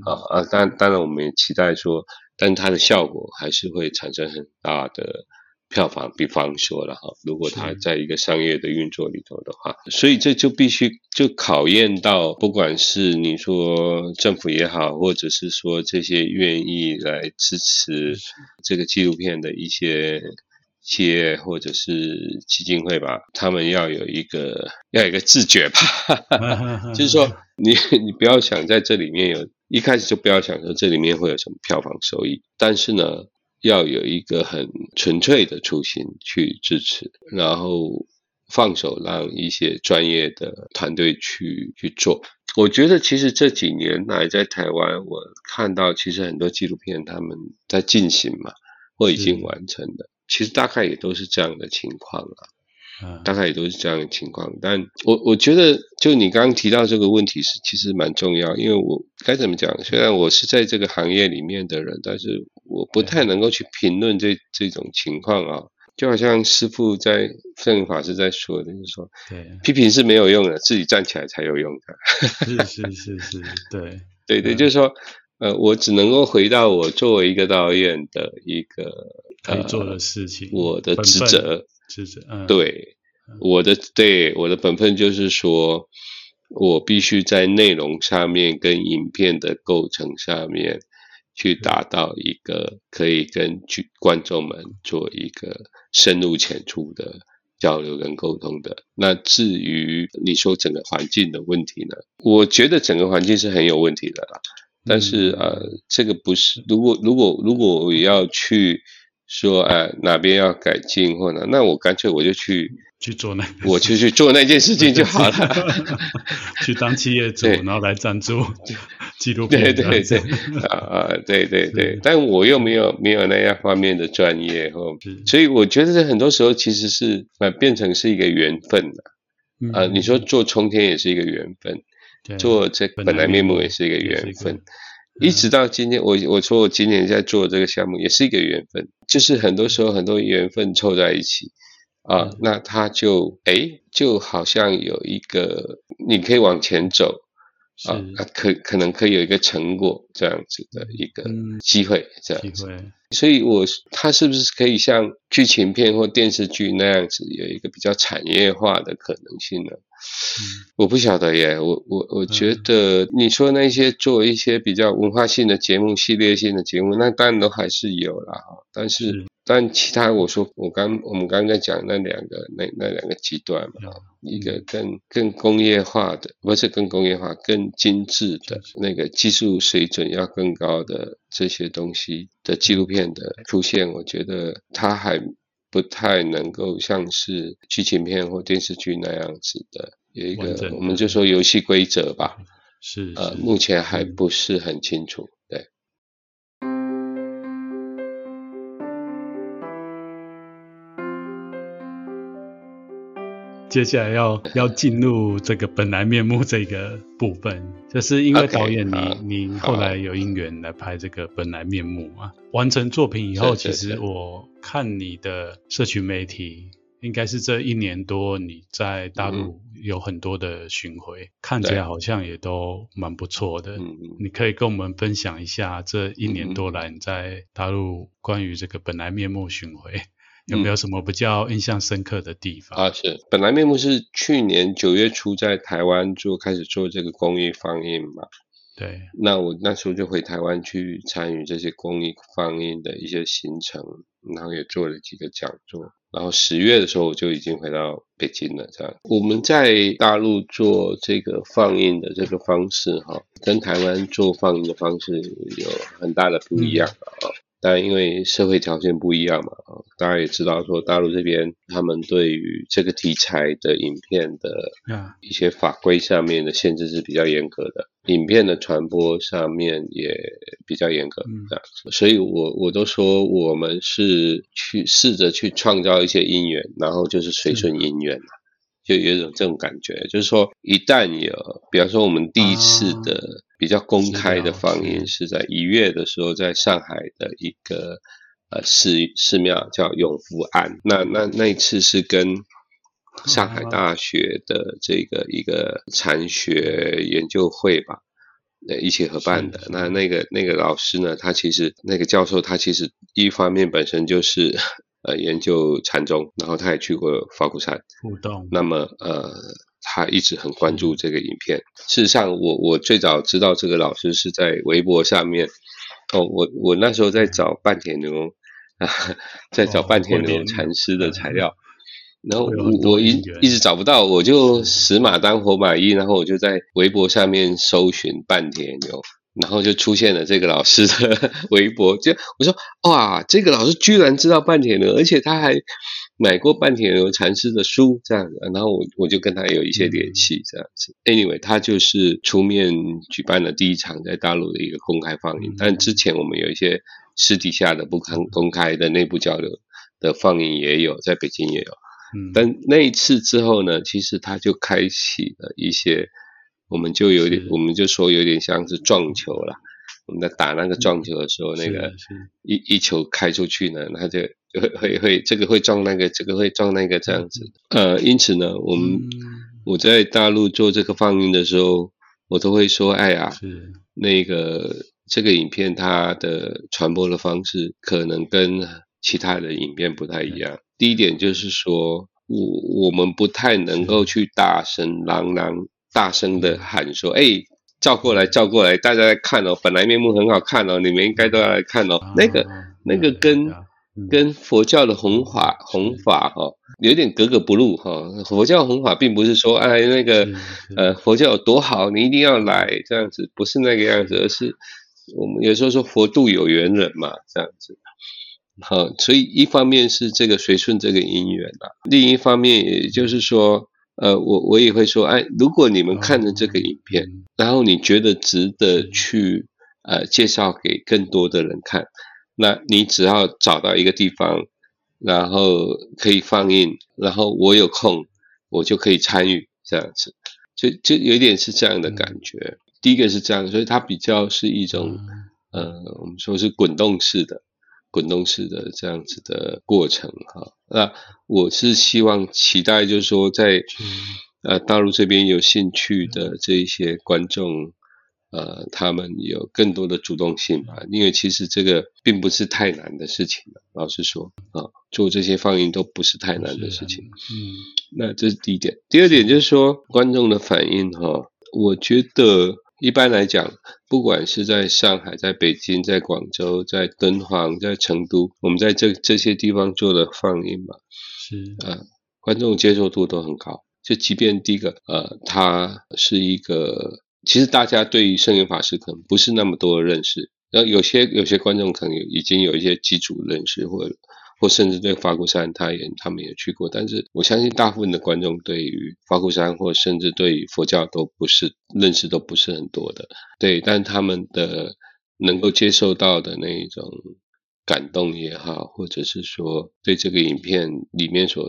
啊啊，當然當然我們也期待說，但是它的效果還是會產生很大的。票房，比方說了哈，如果它在一個商業的運作裡頭的話，是所以這就必須就考驗到，不管是你說政府也好，或者是說這些願意來支持這個紀錄片的一些企業或者是基金會吧，他們要有一個要有一個自覺吧， 就是說你你不要想在這裡面有，一開始就不要想說這裡面會有什麼票房收益，但是呢。要有一個很純粹的初心去支持，然後放手讓一些專業的團隊去去做。我覺得其實這幾年來在台灣，我看到其實很多紀錄片他們在進行嘛，或已經完成的，是其實大概也都是這樣的情況啊。大概、嗯、也都是這樣的情況，但我我覺得，就你剛剛提到這個問題是其實蠻重要，因為我該怎麼講？雖然我是在這個行業裡面的人，但是我不太能夠去評論這這種情況啊、哦。就好像師父在聖嚴法師在說的，就是、說，對，批評是沒有用的，自己站起來才有用的。 是是是是，對對、嗯、對，就是說，呃，我只能夠回到我作為一個導演的一個、呃、可以做的事情，我的職責。就是，是，嗯、對我的對我的本分就是說，我必須在內容上面跟影片的構成上面，去達到一個可以跟觀眾們做一個深入淺出的交流跟溝通的。那至於你說整個環境的問題呢？我覺得整個環境是很有問題的啦。但是、嗯、呃，這個不是，如果如果如果我要去。說啊，哪邊要改進或哪，那我乾脆我就去去做那，我就去做那件事情就好了，去當企業主，然後來贊助紀錄片。對對對，啊啊對對對，但我又沒有沒有那樣方面的專業，所以我覺得這很多時候其實是變成是一個緣分，啊你說做沖天也是一個緣分，做這本來面目也是一個緣分。嗯、一直到今天，我我說我今年在做這個項目，也是一個緣分。就是很多時候很多緣分湊在一起，啊，嗯、那他就誒，就好像有一個你可以往前走，啊，是啊可可能可以有一個成果這樣子的一個機會，這樣子。嗯、機會。所以我，我它是不是可以像劇情片或電視劇那樣子，有一個比較產業化的可能性呢？嗯、我不曉得耶。我我我覺得，你說那些做一些比較文化性的節目、系列性的節目，那當然都還是有啦。但是，是但其他我說，我剛我們剛剛講那兩個那那兩個極端嘛，嗯、一個更更工業化的，不是更工業化、更精緻的那個技術水準要更高的這些東西。的紀錄片的出現，我覺得它還不太能夠像是劇情片或電視劇那樣子的，有一個我們就說遊戲規則吧，是，是呃，目前還不是很清楚，對。接下來要要進入這個本來面目這個部分，就是因為導演你 okay, okay, okay, okay. 你後來有因緣來拍這個本來面目嘛。Okay. 完成作品以後，其實我看你的社群媒體，應該是這一年多你在大陸有很多的巡回， okay, okay. 看起來好像也都蠻不錯的。你可以跟我們分享一下這一年多來你在大陸關於這個本來面目巡回。 有沒有什麼比較印象深刻的地方？嗯，啊，是，本來面目是去年九月初在台灣做，開始做這個公益放映嘛。對，那我那時候就回台灣去參與這些公益放映的一些行程，然後也做了幾個講座。然後十月的時候我就已經回到北京了。這樣，我們在大陸做這個放映的這個方式哈，跟台灣做放映的方式有很大的不一樣啊。嗯但因為社會條件不一樣嘛，大家也知道說，大陸這邊他們對於這個題材的影片的一些法規上面的限制是比較嚴格的，影片的傳播上面也比較嚴格啊、嗯。所以我，我我都說，我們是去試着去創造一些因緣，然後就是隨順因緣嘛。就有種這種感覺，就是說，一旦有，比方說，我們第一次的比較公開的放映是在一月的時候，在上海的一個呃寺寺廟叫永福庵，那那那一次是跟上海大學的這個一個禪學研究會吧，一起合辦的。是是那那個那個老師呢，他其實那個教授，他其實一方面本身就是。呃，研究禪宗，然後他也去過法鼓山，互動。那麼，呃，他一直很關注這個影片。事實上我，我我最早知道這個老師是在微博上面。哦，我我那時候在找半田牛，啊，在找半田牛禪師的材料。哦，然後我我一一直找不到，我就死馬當活馬醫，的然後我就在微博上面搜尋半田牛。然後就出現了這個老師的微博，就我說哇，這個老師居然知道半田牛，而且他還買過半田牛禪師的書這樣子。然後我我就跟他有一些聯繫這樣子。Anyway，他就是出面舉辦了第一場在大陸的一個公開放映，但之前我們有一些私底下的不堪公開的內部交流的放映也有，在北京也有。嗯，但那一次之後呢，其實他就開啟了一些。我們就有點，是我們就說有點像是撞球了。我們在打那個撞球的時候，那個一是是一球開出去呢，它就，就會會會這個會撞那個，這個會撞那個這樣子。呃，因此呢，我們是我在大陸做這個放映的時候，我都會說，哎呀，是那個這個影片它的傳播的方式可能跟其他的影片不太一樣。第一點就是說，我我們不太能夠去大聲嚷嚷。大聲的喊說：“哎、欸，照過來，照過來，大家來看哦！本來面目很好看哦，你們應該都要來看哦。那個，那個跟、嗯、跟佛教的弘法弘法，哈、哦，有點格格不入哈、哦。佛教弘法並不是說，哎那個是是呃佛教有多好，你一定要來這樣子，不是那個樣子，而是我們有時候說佛度有緣人嘛，這樣子。哦、所以一方面是這個隨順這個因緣吶、啊，另一方面也就是說。”呃，我我也會說，哎、呃，如果你們看了這個影片，嗯、然後你覺得值得去，呃，介紹給更多的人看，那你只要找到一個地方，然後可以放映，然後我有空，我就可以參與這樣子，就就有一點是這樣的感覺。嗯、第一個是這樣，所以它比較是一種，嗯、呃，我們說是滾動式的，滾動式的這樣子的過程，哈。那我是希望期待，就是說，在呃大陸這邊有興趣的這一些觀眾，呃，他們有更多的主動性吧，因為其實這個並不是太難的事情，老實說啊，做這些放映都不是太難的事情。嗯，那這是第一點，第二點就是說觀眾的反應哈、啊，我覺得。一般來講，不管是在上海、在北京、在廣州、在敦煌、在成都，我們在這這些地方做的放映嘛，是啊，呃，觀眾接受度都很高。就即便第一個，呃，它是一個，其實大家對於聖嚴法師可能不是那麼多的認識，然後有些有些觀眾可能已經有一些基礎認識或。或甚至對法鼓山，他也他們也去過，但是我相信大部分的觀眾對於法鼓山，或甚至對於佛教都不是認識都不是很多的。對，但他們的能夠接受到的那一種感動也好，或者是說對這個影片裡面所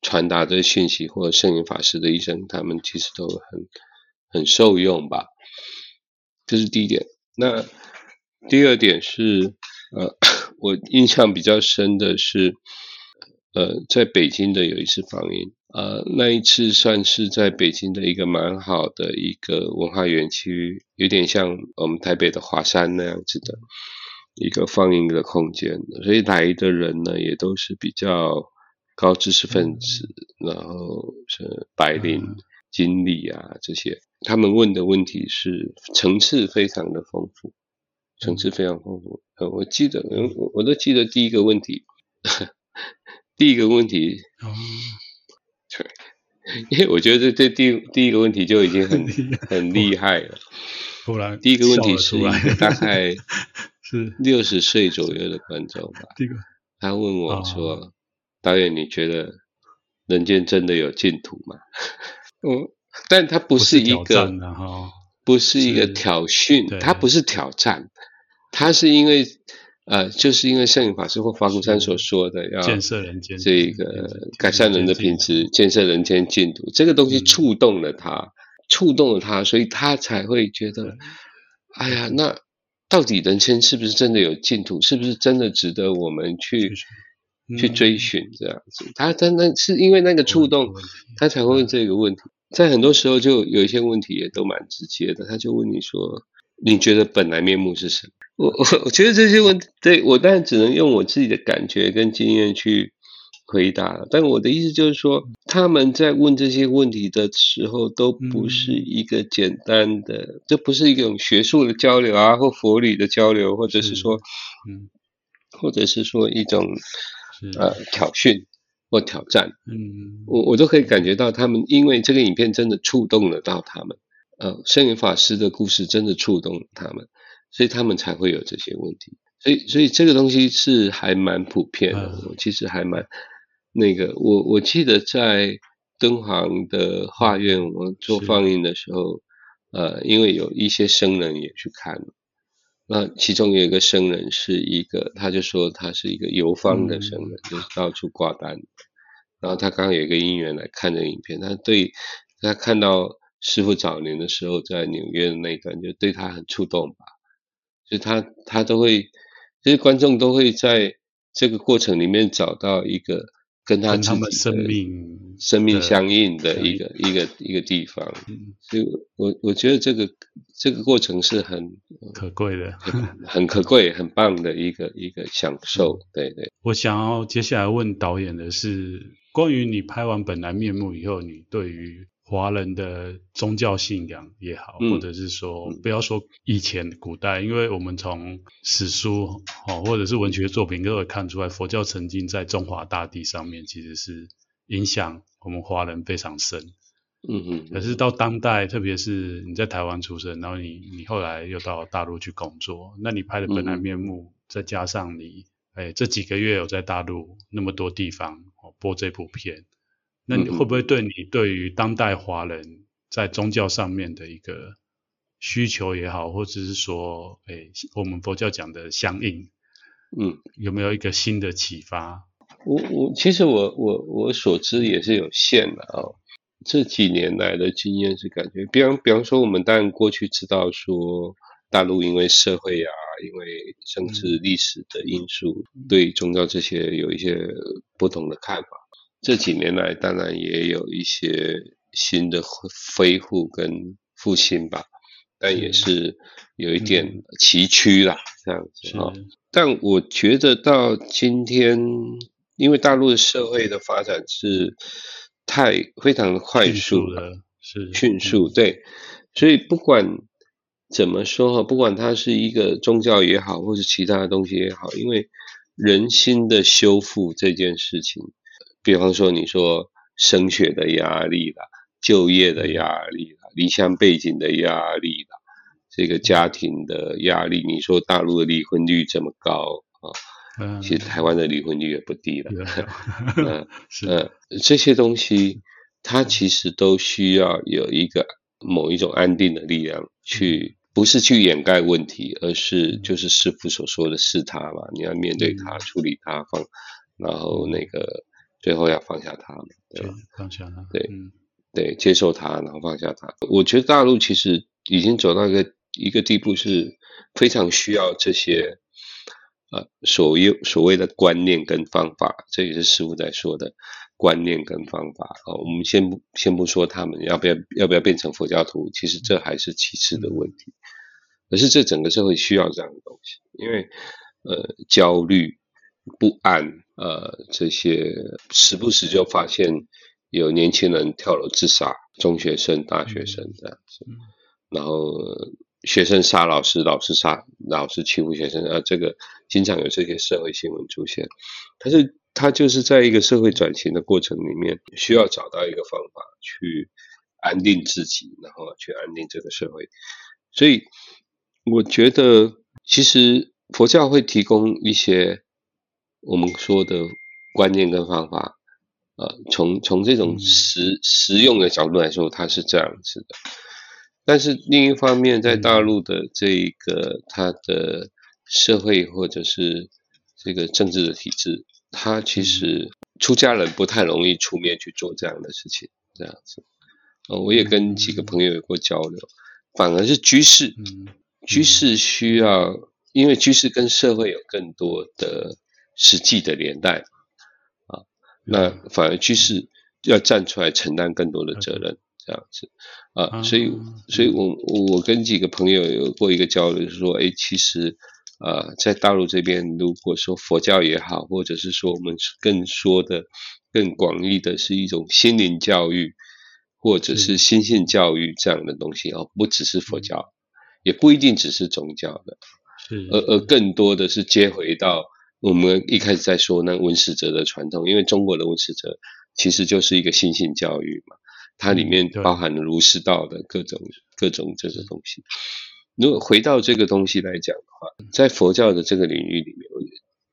傳達的信息，或者聖嚴法師的一生，他們其實都很很受用吧。這是第一點。那第二點是呃。我印象比較深的是，呃，在北京的有一次放映，呃，那一次算是在北京的一個蠻好的一個文化園區，有點像我們台北的華山那樣子的一個放映的空間。所以來的人呢，也都是比較高知識分子，然後是白領、經理啊這些，他們問的問題是層次非常的豐富。層次非常豐富，我記得，我都記得第一個問題，呵呵第一個問題，對、哦， 因為我覺得這第第一個問題就已經很很厲害了。了第一個問題出來大概是六十歲左右的觀眾吧。哦、他問我說：“哦、導演，你覺得人間真的有淨土嗎？”嗯，但他不是一個，不是一個挑釁，他不是挑戰，他是因為呃，就是因為聖嚴法師或法鼓山所說的要建設人間，這個改善人的品質，建設人間淨土，這個東西觸動了他，嗯、觸動了他，所以他才會覺得，對哎呀，那到底人間是不是真的有淨土？是不是真的值得我們去、嗯、去追尋？這樣子，他他真的是因為那個觸動，他才會問這個問題。在很多時候，就有一些問題也都蠻直接的。他就問你說：“你覺得本來面目是什麼？”我我我覺得這些問題，對，我當然只能用我自己的感覺跟經驗去回答。但我的意思就是說，他們在問這些問題的時候，都不是一個簡單的，這、嗯、不是一種學術的交流啊，或佛理的交流，或者是說，嗯是，或者是說一種是呃挑釁。或挑戰，嗯，我我都可以感覺到他們，因為這個影片真的觸動了到他們，呃，聖嚴法師的故事真的觸動了他們，所以他們才會有這些問題，所以所以這個東西是還蠻普遍的，我其實還蠻那個，我我記得在敦煌的畫院，我做放映的時候，是呃，因為有一些僧人也去看了。那其中有一個僧人，是一個，他就說他是一個遊方的僧人，嗯、就是到處掛單。然後他剛有一個姻緣來看這個影片，他對他看到師傅早年的時候在紐約的那一段，就對他很觸動吧。就他他都會，這些觀眾都會在這個過程裡面找到一個。跟他自跟他們生命生命相應的一個應一個一個，一個地方，所以我我覺得這個這個過程是很可貴的 很，很可貴、很棒的一個一個享受。對對，我想要接下來問導演的是，關於你拍完《本來面目》以後，你對於。華人的宗教信仰也好，或者是說，嗯嗯、不要說以前古代，因為我們從史書或者是文學作品都可以看出來，佛教曾經在中華大地上面其實是影響我們華人非常深。嗯嗯。嗯嗯可是到當代，特別是你在台灣出生，然後你你後來又到大陸去工作，那你拍的本來面目，嗯、再加上你哎、欸，這幾個月有在大陸那麼多地方播這部片。那你會不會對你對於當代華人在宗教上面的一個需求也好，或者是說，哎，我們佛教講的相應，嗯，有沒有一個新的啟發？我我其實我我我所知也是有限的啊，哦。這幾年來的經驗是感覺，比方比方說，我們當然過去知道說，大陸因為社會啊，因為政治歷史的因素，嗯，對宗教這些有一些不同的看法。這幾年來，當然也有一些新的恢復跟復興吧，但也是有一點崎嶇啦，嗯、這樣子啊、哦。是但我覺得到今天，因為大陸的社會的發展是太非常的快速了，是迅速對，所以不管怎麼說，不管它是一個宗教也好，或者其他的東西也好，因為人心的修復這件事情。比方說，你說升學的壓力了，就業的壓力了，離鄉背井的壓力了，這個家庭的壓力，你說大陸的離婚率這麼高啊、哦，其實台灣的離婚率也不低了。嗯，這些東西，它其實都需要有一個某一種安定的力量去，不是去掩蓋問題，而是就是師父所說的，是它吧。你要面對它，嗯、處理它，放，然後那個。最後要放下他們，對放下他，對，嗯、對，接受他，然後放下他。我覺得大陸其實已經走到一個一個地步，是非常需要這些，呃，所有所謂的觀念跟方法，這也是師父在說的觀念跟方法。哦，我們先不先不說他們要不要要不要變成佛教徒，其實這還是其次的問題，可、嗯、是這整個社會需要這樣的東西，因為呃，焦慮不安。呃，這些時不時就發現有年輕人跳樓自殺，中學生、大學生這樣子，然後學生殺老師，老師殺老師欺負學生，啊，這個經常有這些社會新聞出現。但是，他就是在一個社會轉型的過程裡面，需要找到一個方法去安定自己，然後去安定這個社會。所以，我覺得其實佛教會提供一些。我們說的觀念跟方法，呃，從從這種實實用的角度來說，它是這樣子的。但是另一方面，在大陸的這個，它的社會或者是這個政治的體制，它其實出家人不太容易出面去做這樣的事情，這樣子。呃，我也跟幾個朋友有過交流，反而是居士，居士需要，因為居士跟社會有更多的。實際的年代啊，那反而就是要站出來承擔更多的責任，這樣子啊，所以，所以我我跟幾個朋友有過一個交流，就是說，哎，其實啊、呃，在大陸這邊，如果說佛教也好，或者是說我們更說的更廣義的是一種心靈教育，或者是心性教育這樣的東西啊是、哦，不只是佛教，嗯、也不一定只是宗教的，是而而更多的是接回到，我們一開始在說那文史哲的傳統，因為中國的文史哲其實就是一個心性教育嘛，它裡面包含了儒釋道的各種各種這些東西。如果回到這個東西來講的話，在佛教的這個領域裡面，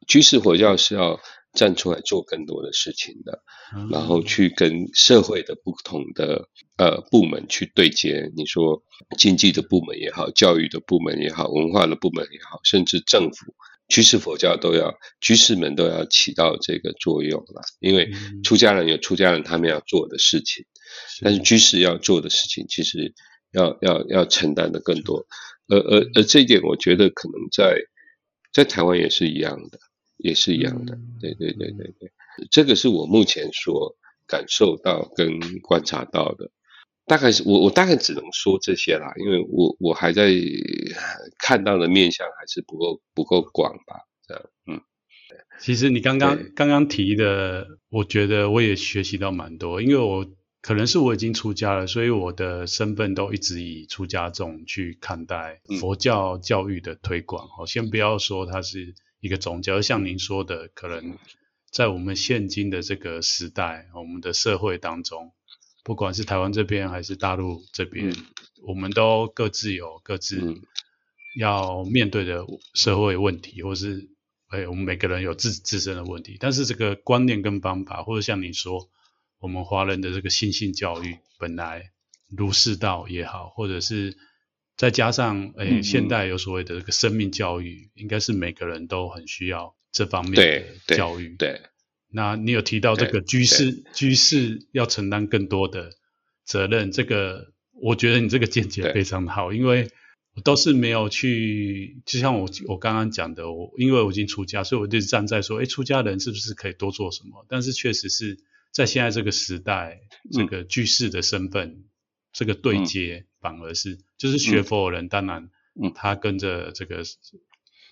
居士佛教是要站出來做更多的事情的，然後去跟社會的不同的呃部門去對接。你說經濟的部門也好，教育的部門也好，文化的部門也好，甚至政府。居士佛教都要，居士們都要起到這個作用了，因為出家人有出家人他們要做的事情，但是居士要做的事情，其實要要要承擔的更多。而而而這一點，我覺得可能在在台灣也是一樣的，也是一樣的。對，對對對對對，這個是我目前所感受到跟觀察到的。大概是我我，大概只能說這些啦，因為我我還在看到的面向還是不夠不夠廣吧，這樣嗯。其實你剛剛對剛剛提的，我覺得我也學習到蠻多，因為我可能是我已經出家了，所以我的身份都一直以出家眾，去看待佛教教育的推廣。哦、嗯，先不要說它是一個宗教，就像您說的，可能在我們現今的這個時代，我們的社會當中，不管是台灣這邊還是大陸這邊，嗯、我們都各自有各自要面對的社會問題，嗯、或是誒、欸、我們每個人有自自身的問題。但是這個觀念跟方法，或者像你說，我們華人的這個心性教育，本來儒釋道也好，或者是再加上誒、欸嗯、現代有所謂的這個生命教育，應該是每個人都很需要這方面的教育。對。對對那你有提到這個居士，居士要承擔更多的責任，這個我覺得你這個見解非常好，對因為我都是沒有去，就像我我剛剛講的，我因為我已經出家，所以我就是站在說，哎，出家人是不是可以多做什麼？但是確實是在現在這個時代，嗯、這個居士的身份，嗯、這個對接、嗯、反而是就是學佛的人，嗯、當然他跟着這個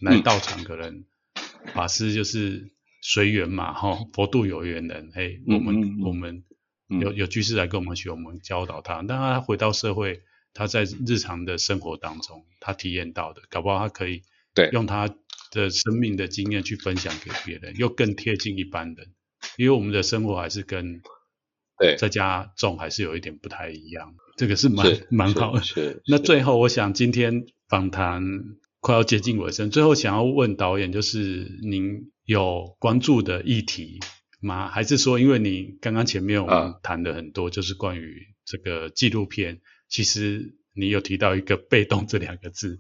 來道場的人，嗯、法師就是。隨緣嘛，哈，佛度有緣人。嘿，我們我們、嗯嗯嗯、有有居士來跟我們學，我們教導他。但他回到社會，他在日常的生活當中，他體驗到的，搞不好他可以對用他的生命的經驗去分享給別人，對又更貼近一般人。因為我們的生活還是跟對在家眾，還是有一點不太一樣，對這個是蠻蠻好的。 那最後我想今天訪談快要接近尾聲，最後想要問導演就是您，有關注的議題嗎？還是說，因為你剛剛前面我們談的很多，就是關於這個紀錄片。啊、其實你有提到一個被動這兩個字，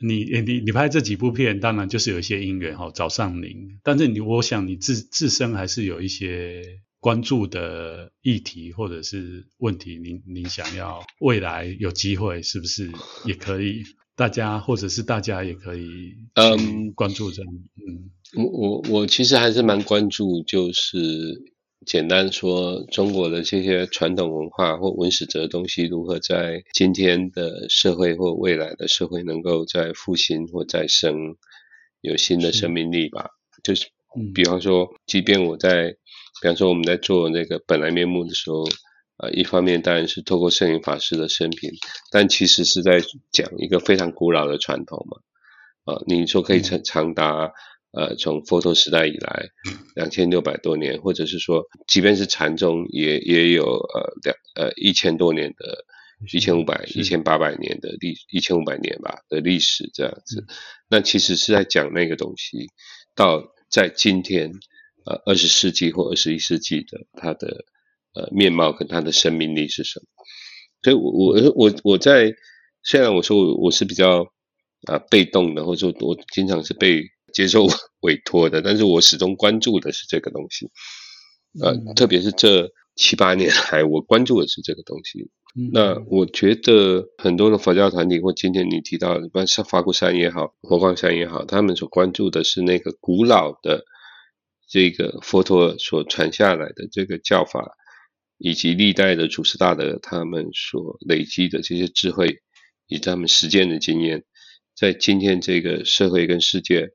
你你你拍這幾部片，當然就是有一些因緣哈，找上您。但是我想你自自身還是有一些關注的議題或者是問題，您您想要未來有機會，是不是也可以？呵呵大家或者是大家也可以，嗯，關注這嗯、個，um, 我我我其實還是蠻關注，就是簡單說中國的這些傳統文化或文史哲東西，如何在今天的社會或未來的社會，能夠再復興或再生，有新的生命力吧。是就是，比方說，即便我在，比方說我們在做那個本來面目的時候。呃一方面當然是透過聖嚴法師的生平，但其實是在講一個非常古老的傳統嘛。啊、呃，你說可以長長達呃從佛陀時代以來兩千六百多年，或者是說，即便是禪宗也也有呃兩呃一千多年的，一千五百、一千八百年的歷一千五百年吧的歷史這樣子。那是其實是在講那個東西到在今天呃二十世紀或二十一世紀的它的。呃，面貌跟它的生命力是什麼？所以我，我我我我在雖然我說我是比較啊、呃、被動的，或者說我經常是被接受委託的，但是我始終關注的是這個東西。呃，嗯、特別是這七八年來，我關注的是這個東西。嗯、那我覺得很多的佛教團體，或今天你提到的不管是法鼓山也好，佛光山也好，他們所關注的是那個古老的這個佛陀所傳下來的這個教法。以及歷代的祖師大德，他們所累積的這些智慧，以及他們實踐的經驗，在今天這個社會跟世界，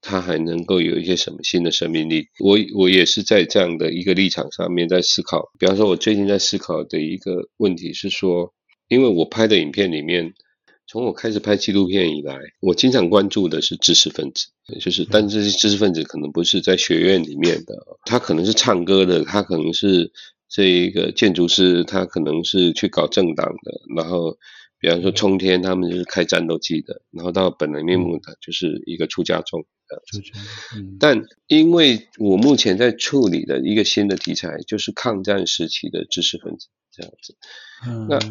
他還能夠有一些什麼新的生命力？我我也是在這樣的一個立場上面在思考。比方說，我最近在思考的一個問題是說，因為我拍的影片裡面，從我開始拍紀錄片以來，我經常關注的是知識分子，就是但這些知識分子可能不是在學院裡面的，他可能是唱歌的，他可能是。這一個建築師，他可能是去搞政黨的，然後，比方說衝天，他們就是開戰鬥機的，嗯、然後到本來面目的就是一個出家眾、嗯、但因為我目前在處理的一個新的題材，就是抗戰時期的知識分子這樣子，嗯、那是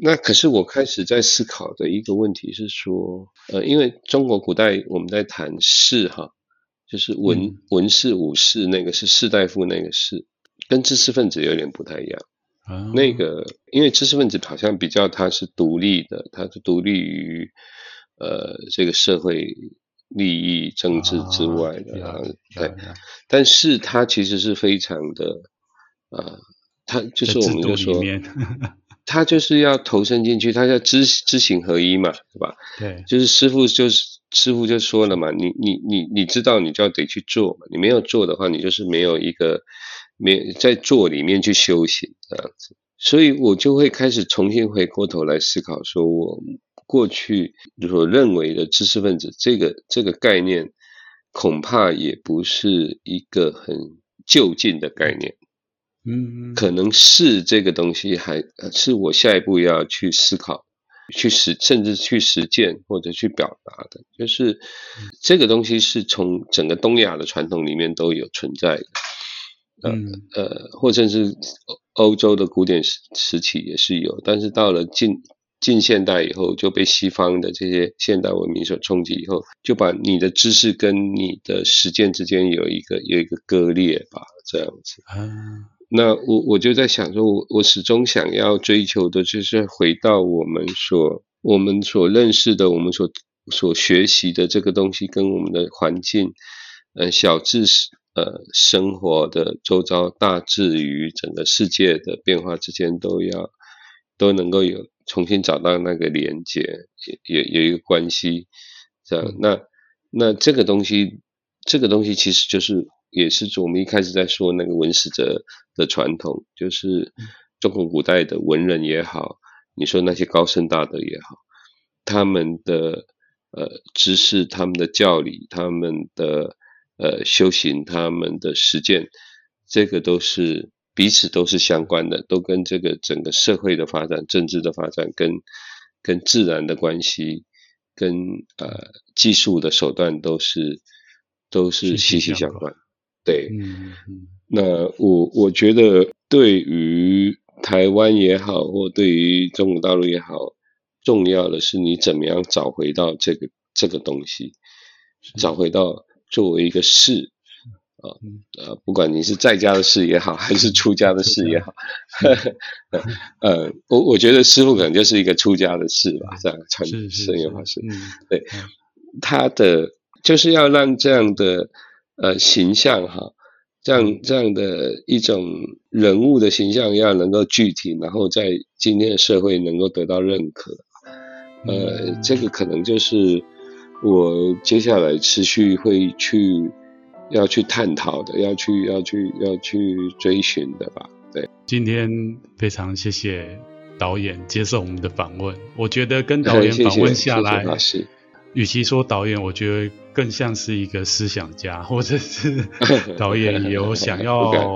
那可是我開始在思考的一個問題是說，呃，因為中國古代我們在談士哈，就是文、嗯、文士、武士那個是士大夫那個士。跟知識分子有點不太一樣，那個因為知識分子好像比較他是獨立的，他是獨立於呃這個社會利益、政治之外的，對。但是他其實是非常的啊、呃，他就是我們就說，他就是要投身進去，他要知知行合一嘛，對吧？對，就是師傅就是師傅就說了嘛，你你你你知道，你就要得去做，你沒有做的話，你就是沒有一個。在座裡面去修行這樣子，所以我就會開始重新回過頭來思考，說我過去所認為的知識分子這個這個概念，恐怕也不是一個很究竟的概念，嗯，可能是這個東西還是我下一步要去思考、去實甚至去實踐或者去表達的，就是這個東西是從整個東亞的傳統裡面都有存在的。嗯，呃，或者是歐洲的古典時時期也是有，但是到了近近現代以後，就被西方的這些現代文明所衝擊以後，就把你的知識跟你的實踐之間有一個有一個割裂吧，這樣子。啊，那我我就在想說，我我始終想要追求的就是回到我們所我們所認識的，我們所所學習的這個東西，跟我們的環境，嗯，呃，小知識。呃，生活的周遭，大致與整個世界的變化之間，都要都能夠有重新找到那個連接，也也有一個關係。這樣，嗯、那那這個東西，這個東西其實就是也是我們一開始在說那個文史哲的傳統，就是中國古代的文人也好，你說那些高僧大德也好，他們的呃知識，他們的教理，他們的。呃，修行他們的實踐，這個都是彼此都是相關的，都跟這個整個社會的發展、政治的發展，跟跟自然的關係，跟呃技術的手段都是都是息息相關。對，嗯，那我我覺得，對於台灣也好，或對於中國大陸也好，重要的是你怎麼樣找回到這個這個東西，找回到。嗯作為一個事，啊、哦、啊、呃，不管你是在家的事也好，還是出家的事也好， 樣呵呵呃，我我覺得師父可能就是一個出家的事吧，這樣稱稱謂方式。對，他的就是要讓這樣的呃形象哈，讓這樣的一種人物的形象要能夠具體，然後在今天的社會能夠得到認可。呃，嗯、這個可能就是。我接下來持續會去，要去探討的，要去要去要去追尋的吧。對，今天非常謝謝導演接受我們的訪問。我覺得跟導演訪問下來，與、哎、其說導演，我覺得更像是一個思想家，或者是導演有想要。 敢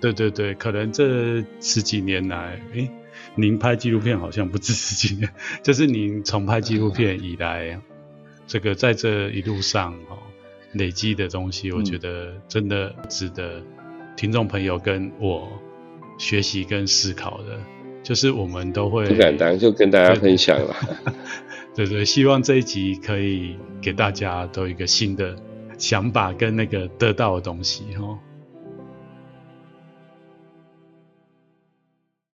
對對對，可能這十幾年來，哎、欸，您拍紀錄片好像不止十幾年，這、就是您從拍紀錄片以來。嗯這個在這一路上哈、哦、累積的東西，我覺得真的值得聽眾朋友跟我學習跟思考的，就是我們都會不敢當，就跟大家分享了。對，對對，希望這一集可以給大家都有一個新的想法跟那個得到的東西哈、哦。